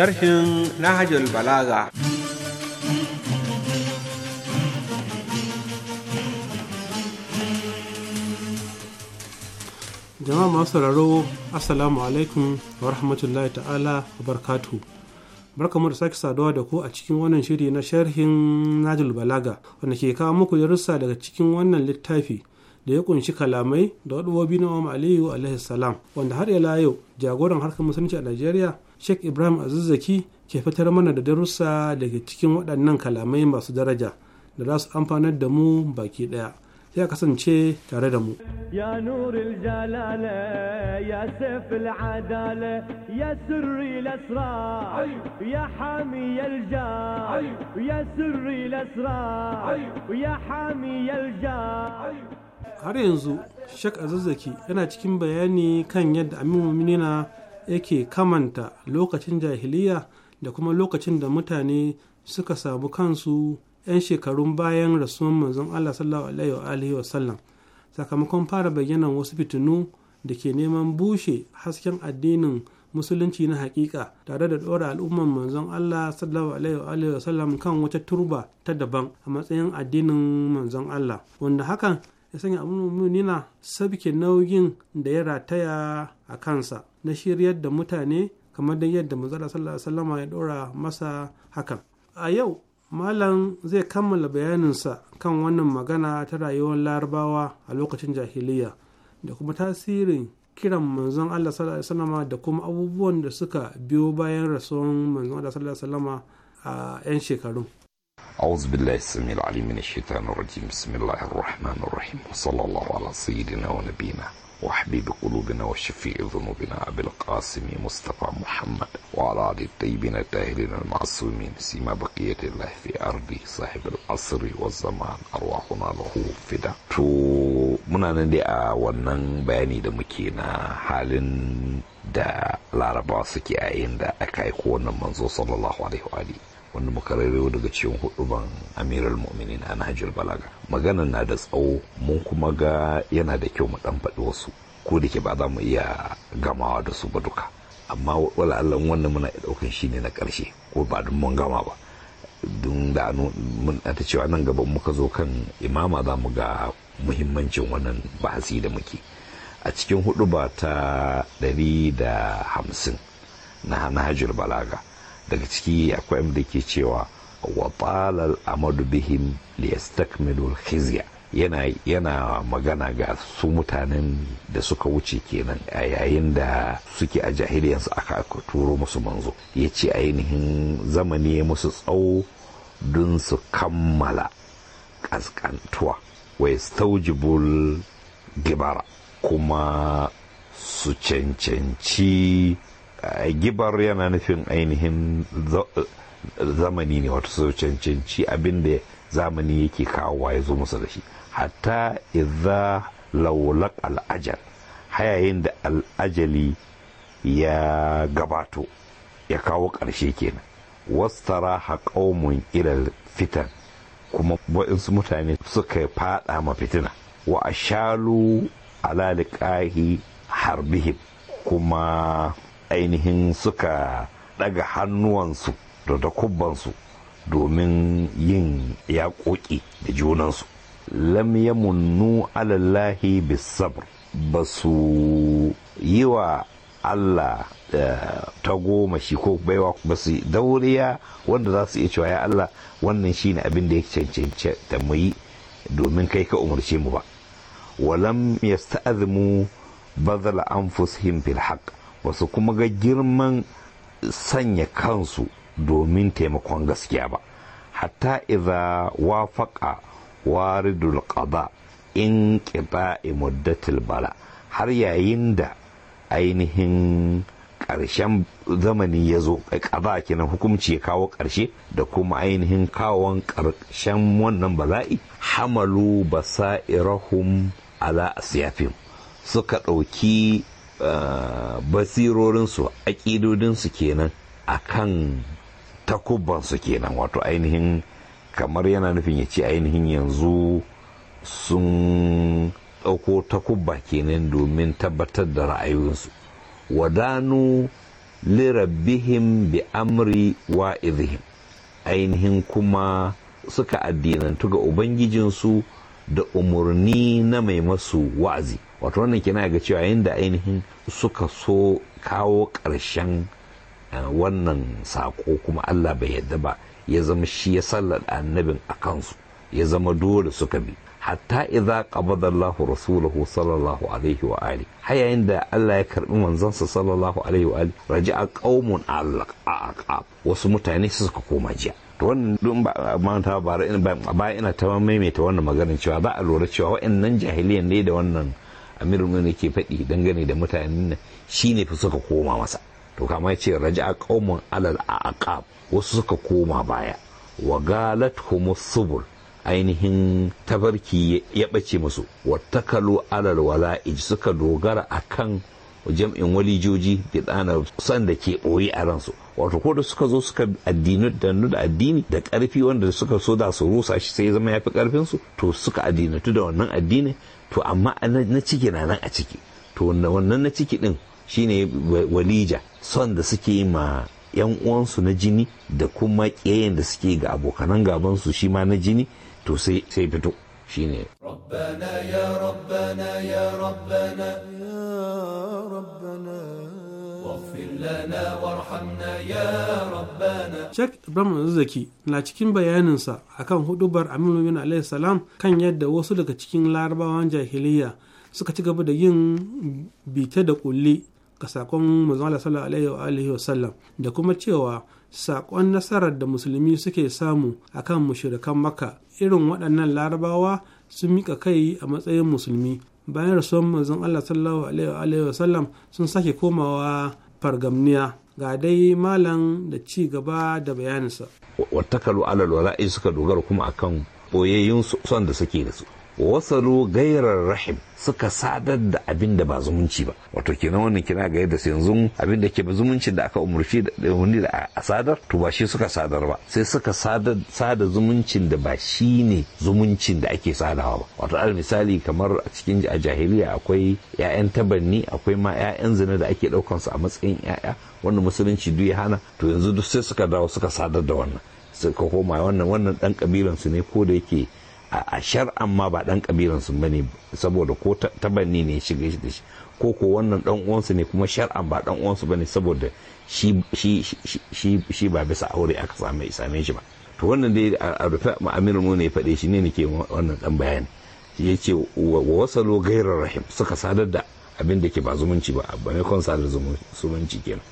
sharhin Nahajul Balaga. Jama'a masu sauraro Assalamu alaikum wa rahmatullahi ta'ala wa barkatu. Barkamu da sake saduwa da ku a cikin wannan shiri na sharhin Najul Balaga wanda ke kawo muku darussa daga cikin wannan littafi da ya kunshi kalamai da wadubobi na Imam Aliyu alaihi salam wanda har ila yau jagoran harkar musulunci a Najeriya sheikh ibrahim azizzaki ke fitar mana da darussa daga cikin waɗannan kalamai masu daraja da za su amfanar da mu baki ɗaya ya kasance tare da mu ya nuril jalala ya sifil adala ya sirri lasra ya hami yalja ya sirri lasra ya hami yalja har yanzu shek azazzaki yana cikin bayani kan yadda aminu minina yake kamanta lokacin jahiliya da kuma lokacin da mutane suka samu kansu 'yan shekarun bayan rasuwan manzon Allah sallallahu alaihi wa sakamakon fara bayyanan wasu fitinu da ke neman bushe hasken addinin musulunci na hakika tare da ɗora al'ummar manzon Allah sallallahu alaihi wa sallam kan wata turba ta daban a matsayin addinin manzon Allah wanda hakan ya sanya abin na sabke nauyin da ya rataya a kansa na shiryar da mutane kamar da yadda manzala sallallahu alaihi ya dora masa hakan a yau malam zai kammala bayaninsa kan wannan magana ta rayuwar larabawa a lokacin jahiliya da kuma tasirin kiran manzon Allah sallallahu da kuma abubuwan da suka biyo bayan rasuwan manzon Allah sallallahu a 'yan shekaru. أعوذ بالله السميع العليم من الشيطان الرجيم بسم الله الرحمن الرحيم وصلى الله على سيدنا ونبينا وحبيب قلوبنا وشفيع ذنوبنا أبي القاسم مصطفى محمد وعلى آل الطيبين الطاهرين المعصومين سيما بقية الله في أرضه صاحب العصر والزمان أرواحنا له فدا تو muna nan dai a wannan bayani da muke na halin da larabawa suke a yayin da aka aiko wanda muka rairayo daga cikin hudu huduban amiral mu'minin a nahajul balaga maganan na da tsawo mun kuma ga yana da kyau mu dan faɗi wasu ko da ke ba za mu iya gamawa da su ba duka amma wala Allah wannan muna daukan shi ne na ƙarshe ko ba don mun gama ba don da mun ta cewa nan gaban muka zo kan imama za mu ga muhimmancin wannan bahasi da muke a cikin hudu ba ta 150 na nahajul balaga daga ciki akwai da ke cewa wa talal amadu bihim liyastakmilul khizya yana yana magana ga su mutanen da suka wuce kenan a yayin da suke a jahiliyansu aka turo musu manzo ya ce ainihin zamani ya musu tsawo don su kammala ƙasƙantuwa wai staujibul gibara kuma su cancanci gibar yana nufin ainihin zamani ne wata cancanci abinda zamani yake kawowa ya zo musu da shi hatta idza laulak al'ajal hayayin da al'ajali ya gabato ya kawo ƙarshe kenan wastara haƙaumun ilal fitan kuma waɗansu mutane suka faɗa ma fitina wa ashalu ala liqahi harbihim kuma ainihin suka daga hannuwansu da takubbansu domin yin yaƙoƙi da junansu lam yamunnu alallahi bisabr ba su yi wa Allah eh, ta goma shi ko baiwa ba su dauriya wanda za su iya cewa ya Allah wannan shi ne abin da ya cancanci da mu yi domin kai ka umarce mu ba walam yasta'azmu bazala anfusihim fil haqq ba kuma ga girman sanya kansu domin taimakon gaskiya ba hatta iza wafaqa waridul qada in qiba'i muddatil bala har yayin da ainihin ƙarshen zamani ya zo ƙaba eh, kenan hukumci ya kawo ƙarshe da kuma ainihin kawon ƙarshen wannan bala'i hamalu basa'irahum ala fim suka ɗauki basirorinsu aƙidodinsu kenan a kan takubansu kenan wato ainihin kamar yana nufin ya ce ainihin yanzu sun ɗauko takubba kenan domin tabbatar da ra'ayoyinsu wadanu lirabihim bi amri wa izihim ainihin kuma suka addinantu ga ubangijinsu da umarni na mai masu wa'azi wato wannan na ga cewa da ainihin suka so kawo ƙarshen wannan sako kuma allah bai yadda ba ya zama shi ya sallada annabin a kansu ya zama dole suka bi hatta idza qabada Allah rasulahu sallallahu alaihi wa ali hayayin da Allah ya karbi manzansa sallallahu alaihi wa ali raja'a qaumun alaq aqab wasu mutane suka koma jiya to wannan dun ba manta ba ina ta maimaita wannan maganar cewa ba a lura cewa wa'annan jahiliyan ne da wannan amir ne yake faɗi dangane da mutanen nan shine fa suka koma masa to kama ya ce raja qaumun alal a aqab wasu suka koma baya wa galat subur ainihin tabarki ya bace musu wattakalu alal wala'ij suka dogara a kan jam'in walijoji da ɗana san da ke ɓoye a ransu wato ko da suka zo suka addini da da addini da ƙarfi wanda suka so da su rusa shi sai zama ya fi ƙarfinsu to suka addinatu da wannan addini to amma na ciki na nan a ciki to wannan na ciki din shine walija son da suke yi ma yan uwansu na jini da kuma ƙiyayen da suke ga abokanan gabansu shi ma na jini to sai fito shine rabbana ya لنا وارحمنا يا Zaki na cikin bayaninsa akan hudubar Aminu bin alaihi kan yadda wasu daga cikin larabawan jahiliya suka ci gaba da yin bita da kulli ga sakon manzon sallallahu alaihi wa alihi da kuma cewa sakon nasarar da musulmi suke samu akan mushrikan Makka irin waɗannan larabawa sun mika kai a matsayin musulmi bayan rasuwan manzon Allah sallallahu alaihi wa sallam sun sake komawa fargamniya ga dai malam da ci gaba da bayaninsa. Wattakalu alal wala'i suka dogara kuma akan boyayyun son da suke da su. wasalu gairar rahim suka sadar da abin da ba zumunci ba wato kenan wannan kina ga yadda yanzu abin da ke ba zumuncin da aka umurci da wani da a sadar to ba shi suka sadar ba sai suka sada zumuncin da ba shi ne zumuncin da ake sadawa ba wato al misali kamar a cikin a jahiliya akwai 'ya'yan tabanni akwai ma 'ya'yan zina da ake su a matsayin 'ya'ya wanda musulunci duk ya hana to yanzu duk sai suka dawo suka sadar da wannan suka koma wannan wannan dan kabilan su ne ko da yake a shar'an ma ba dan kabilan su bane saboda ko tabanni ne shiga da shi ko ko wannan dan uwansu ne kuma shar'an ba dan uwansu bane saboda shi shi shi shi ba bisa aure aka same same shi ba to wannan dai a rufe ma'amirin mu ne ya faɗe shi ne nake wannan dan bayani ya ce wa wasalo gairar rahim suka sadar da abin da ke ba zumunci ba ba ne kon sadar zumunci kenan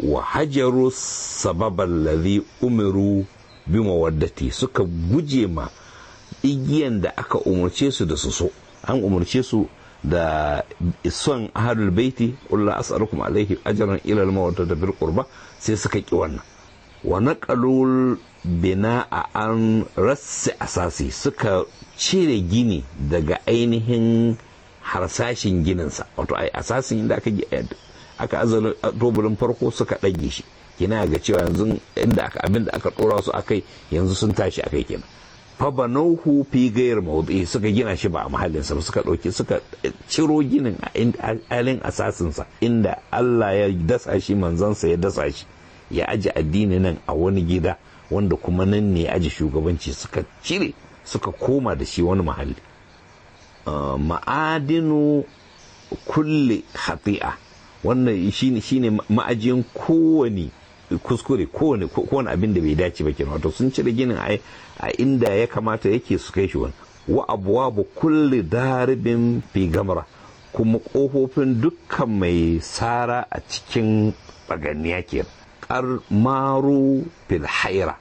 wa hajaru sababan ladhi umiru bi mawaddati suka guje ma igiyan da aka umarce su da su so an umarce su da son ahalul baiti ulla as'alukum alaihi ajran ila al da bil qurba sai suka ki wannan wa naqalul bina a an rassi asasi suka cire gini daga ainihin harsashin gininsa wato ai asasin inda aka aka azalin tobulin farko suka ɗage shi kina ga cewa yanzu inda aka aka ɗora su akai yanzu sun tashi akai kenan fabanauhu fi gayar mawdu'i suka gina shi ba a mahallinsa ba suka ɗauki suka ciro ginin a alin asasinsa inda Allah ya dasa shi manzansa ya dasa shi ya aji addini nan a wani gida wanda kuma nan ne ya aji shugabanci suka cire suka koma da shi wani mahalli ah, ma'adinu kulle hati'a wannan shine ma'ajin kowane kuskure kowane kowane abin da bai dace ba kenan wato sun cire ginin a inda ya kamata yake su kai shi wani wa abuwa bu kulli daribin fi gamra kuma kofofin dukkan mai sara a cikin baganiya ke karmaru fil haira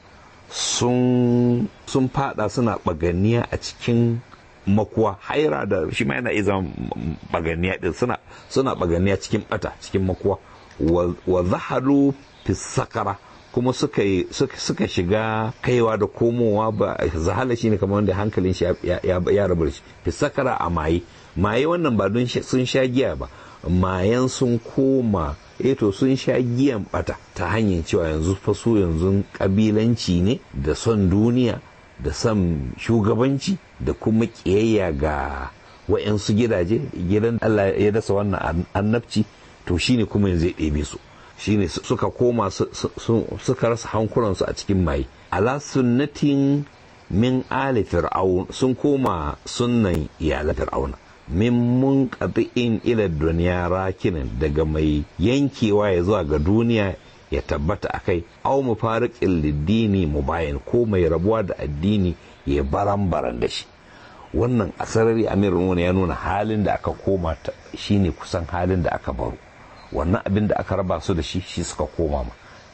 sun fada suna baganiya a cikin makuwa haira da shi ma yana izan baganiya din suna baganiya cikin bata cikin makuwa wa zaharu fisakara kuma suka shiga kaiwa da komowa ba zahala shi ne kamar wanda hankalin shi ya rabu shi fisakara a maye maye wannan ba don sun sha giya ba mayan sun koma eto eh sun sha giyan bata ta hanyar cewa yanzu faso yanzu kabilanci ne da son duniya da son shugabanci da kuma kiyayya ga wa'yansu gidaje gidan Allah ya dasa wannan annabci to shine kuma yanzu ya ɗebe su shine suka koma suka rasa hankulansu a cikin mai ala sunnatin min ali fir'aun sun koma sunnan iyalan fir'auna min mun in ila duniya rakinin daga mai yankewa ya zuwa ga duniya ya tabbata a kai au mu fariƙin lidini mu bayan ko mai rabuwa da addini ya baran baran da shi wannan asarari amir ya nuna halin da aka koma shine kusan halin da aka baro wannan abin da aka raba su da shi shi suka koma ma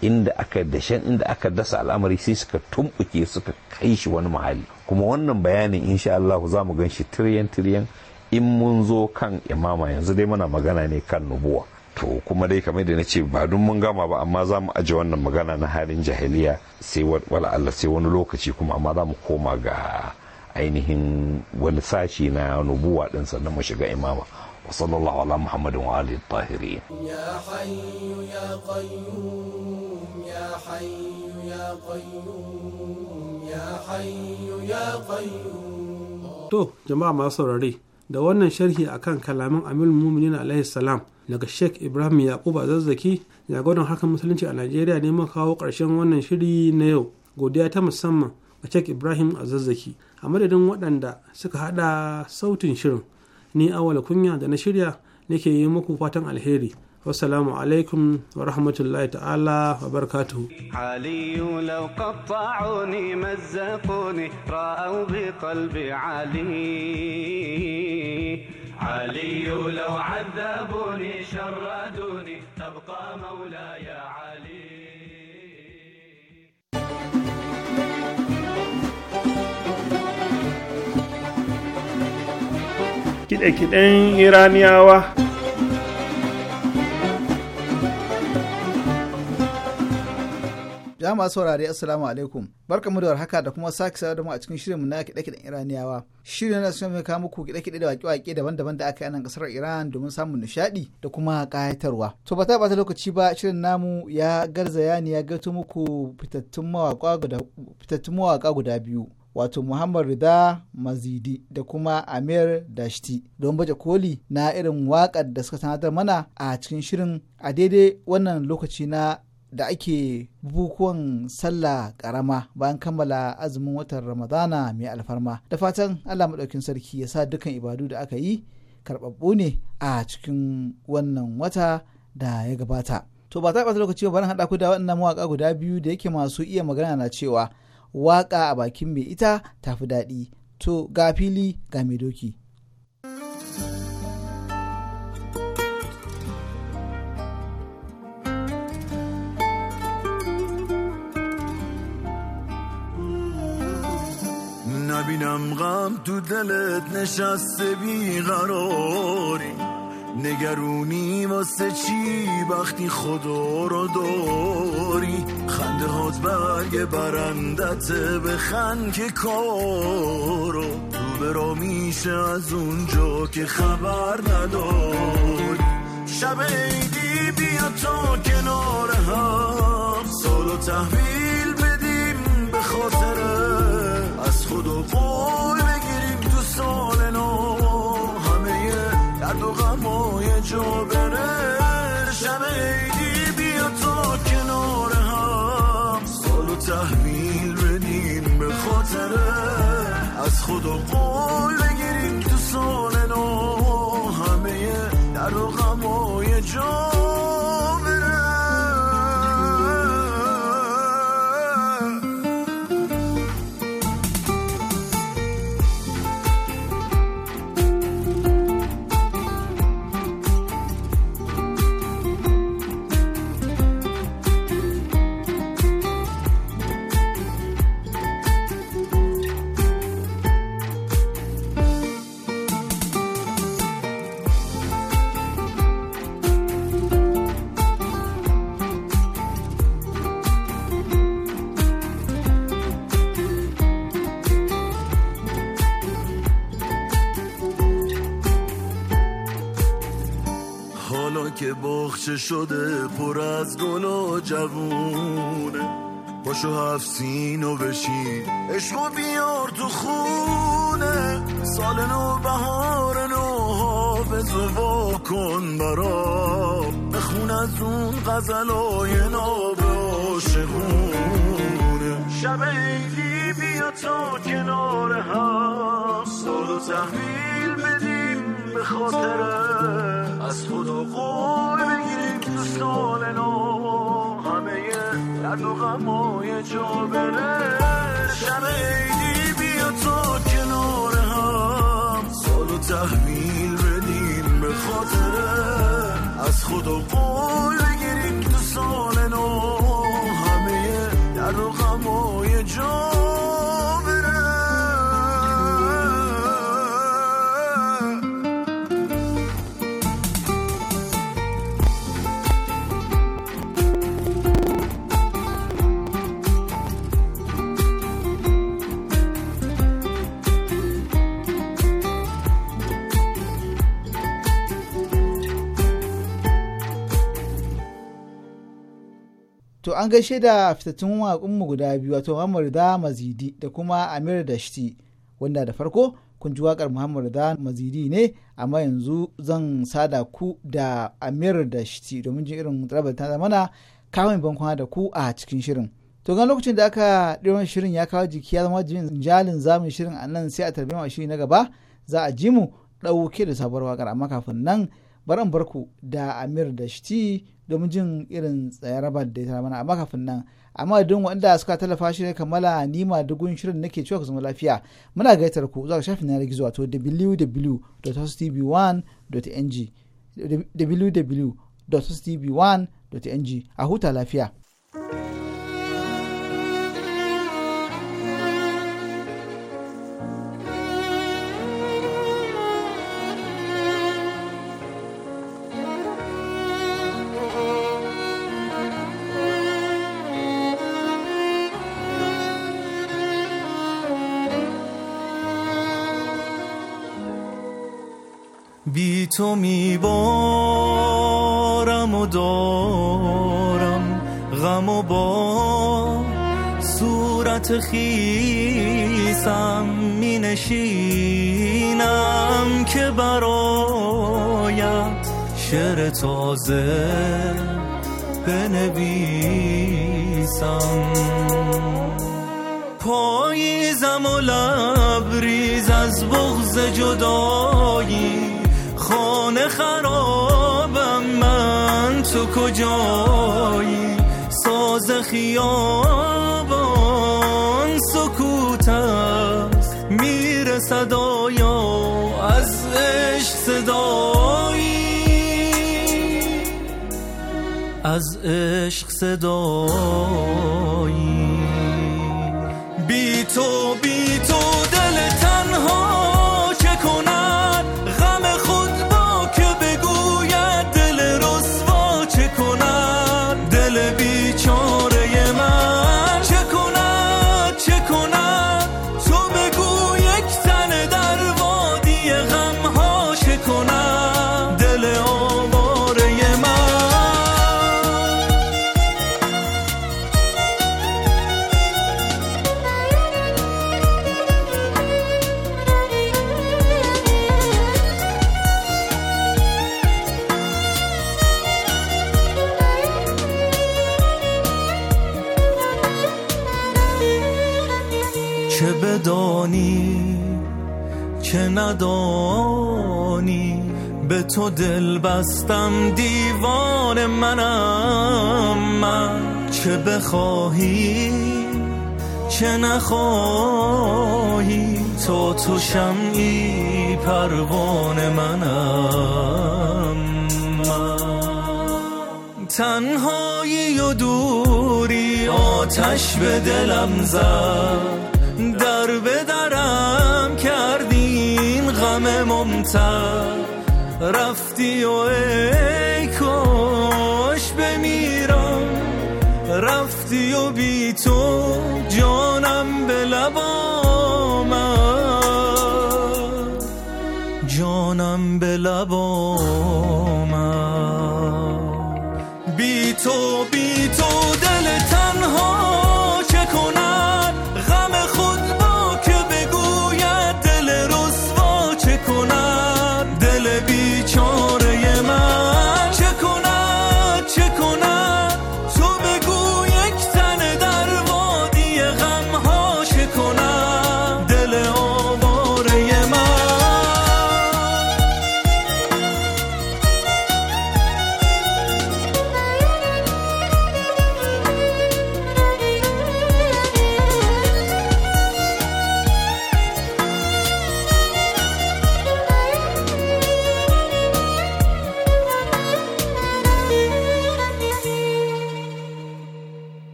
inda aka dashen inda aka dasa al'amari sai suka tumbuke suka kai shi wani muhalli kuma wannan bayanin insha Allah za mu gan shi tiriyan tiriyan in mun zo kan imama yanzu dai muna magana ne kan nubuwa to kuma dai kamar da na ce ba dun mun gama ba amma za mu aje wannan magana na halin jahiliya sai wala Allah sai wani lokaci kuma amma za mu koma ga ainihin wani sashi na nubuwa din sannan mu shiga imama وصلى الله على محمد وآله الطاهرين يا حي يا قيوم يا حي يا قيوم يا حي يا قيوم تو جماعة ما da wannan sharhi akan kalaman Amil Muminin alaihi salam daga Sheikh Ibrahim Yakubu Zazzaki ya gwadon hakan musulunci a Najeriya ne mun kawo ƙarshen wannan shiri na yau godiya ta musamman a Sheikh Ibrahim a zazzaki a madadin waɗanda suka hada sautin shirin ni awala kunya da na shirya nake yi muku fatan alheri والسلام عليكم ورحمة الله تعالى وبركاته علي لو قطعوني مزقوني رأوا بقلبي علي علي لو عذبوني شردوني تبقى مولاي علي kiɗe-kiɗen iraniyawa jama'a saurari assalamu alaikum barka mu da warhaka da kuma sake saurare da mu a cikin mu na kiɗe-kiɗen iraniyawa shirin na sun kawo muku kiɗe-kiɗe da waƙe-waƙe daban-daban da aka yi nan kasar iran domin samun nishaɗi da kuma ƙayatarwa to ba ta ɓata lokaci ba shirin namu ya garzaya ne ya gato muku fitattun mawaƙa guda biyu wato muhammad rida mazidi da kuma amir dashti don baje koli na irin wakar da suka sanatar mana a cikin shirin a daidai wannan lokaci na da ake bukukuwan sallah karama bayan kammala azumin watan ramadana mai alfarma da fatan allah maɗaukin sarki ya sa dukkan ibadu da aka yi karɓaɓɓu ne a cikin wannan wata da ya gabata to ba ta ɓata lokaci ba bari haɗa ku da waɗannan mawaƙa guda biyu da yake masu iya magana na cewa waka a bakin mai ita tafi daɗi to ga fili ga mai doki. نبینم غم تو دلت نشسته بیقراری نگرونی واسه چی وقتی خدا رو داری خنده هات برگ برندت به که کارو رو میشه از اونجا که خبر نداری شب عیدی بیا تا کنار هم سال و تحویل درد و غم و یه جا بره شب عیدی بیا تو کنار هم و تحمیل بدیم به خاطره از خدا قول بگیریم تو سال حالا که باخچه شده پر از گل و جوونه پاشو هفت سینو بشین عشقو بیار تو خونه سال نو بهار نو حافظ و کن برا بخون از اون غزلای ناب عاشقونه شب ایلی بیا تا کنار هم سال و بدیم به خاطره از خدا قول بگیریم تو سال نو همه درد و غمای جا بره شب عیدی بیا تا کنار هم و تحمیل بدیم به خاطره از خدا قول بگیریم تو سال to an gaishe da fitattun waƙunmu guda biyu wato Muhammad da Mazidi da kuma Amir Dashti wanda da farko kun ji waƙar Muhammad da Mazidi ne amma yanzu zan sada ku da Amir da Dashti domin jin irin rabar ta zamana kawai kwana da ku a cikin shirin. to gan lokacin da aka ɗiron shirin ya kawo jiki ya zama jin jalin zamun shirin a nan sai a tarbiyyar shiri na gaba za a ji mu ɗauke da sabuwar waƙar amma kafin nan baran barku da amir da shiti domin jin irin tsayar rabar da ya mana amma kafin nan amma don wanda suka tallafa shi kammala nima dugun shirin nake cewa ku zama lafiya muna gaitar ku zuwa shafin yanar gizo wato www.hostv1.ng www.hostv1.ng a huta lafiya. تو میبارم و دارم غم و با صورت خیسم می نشینم که برایت شعر تازه بنویسم پاییزم و جایی ساز خیابان سکوت است میره صدایا از عشق صدایی از عشق صدایی بی تو بی تو دل بستم دیوان منم من چه بخواهی چه نخواهی تو تو شمعی پروان منم من تنهایی و دوری آتش به دلم زد در به درم کردین غم ممتد رفتی و ای کاش بمیرم رفتی و بی تو جانم به ما جانم به ما بی تو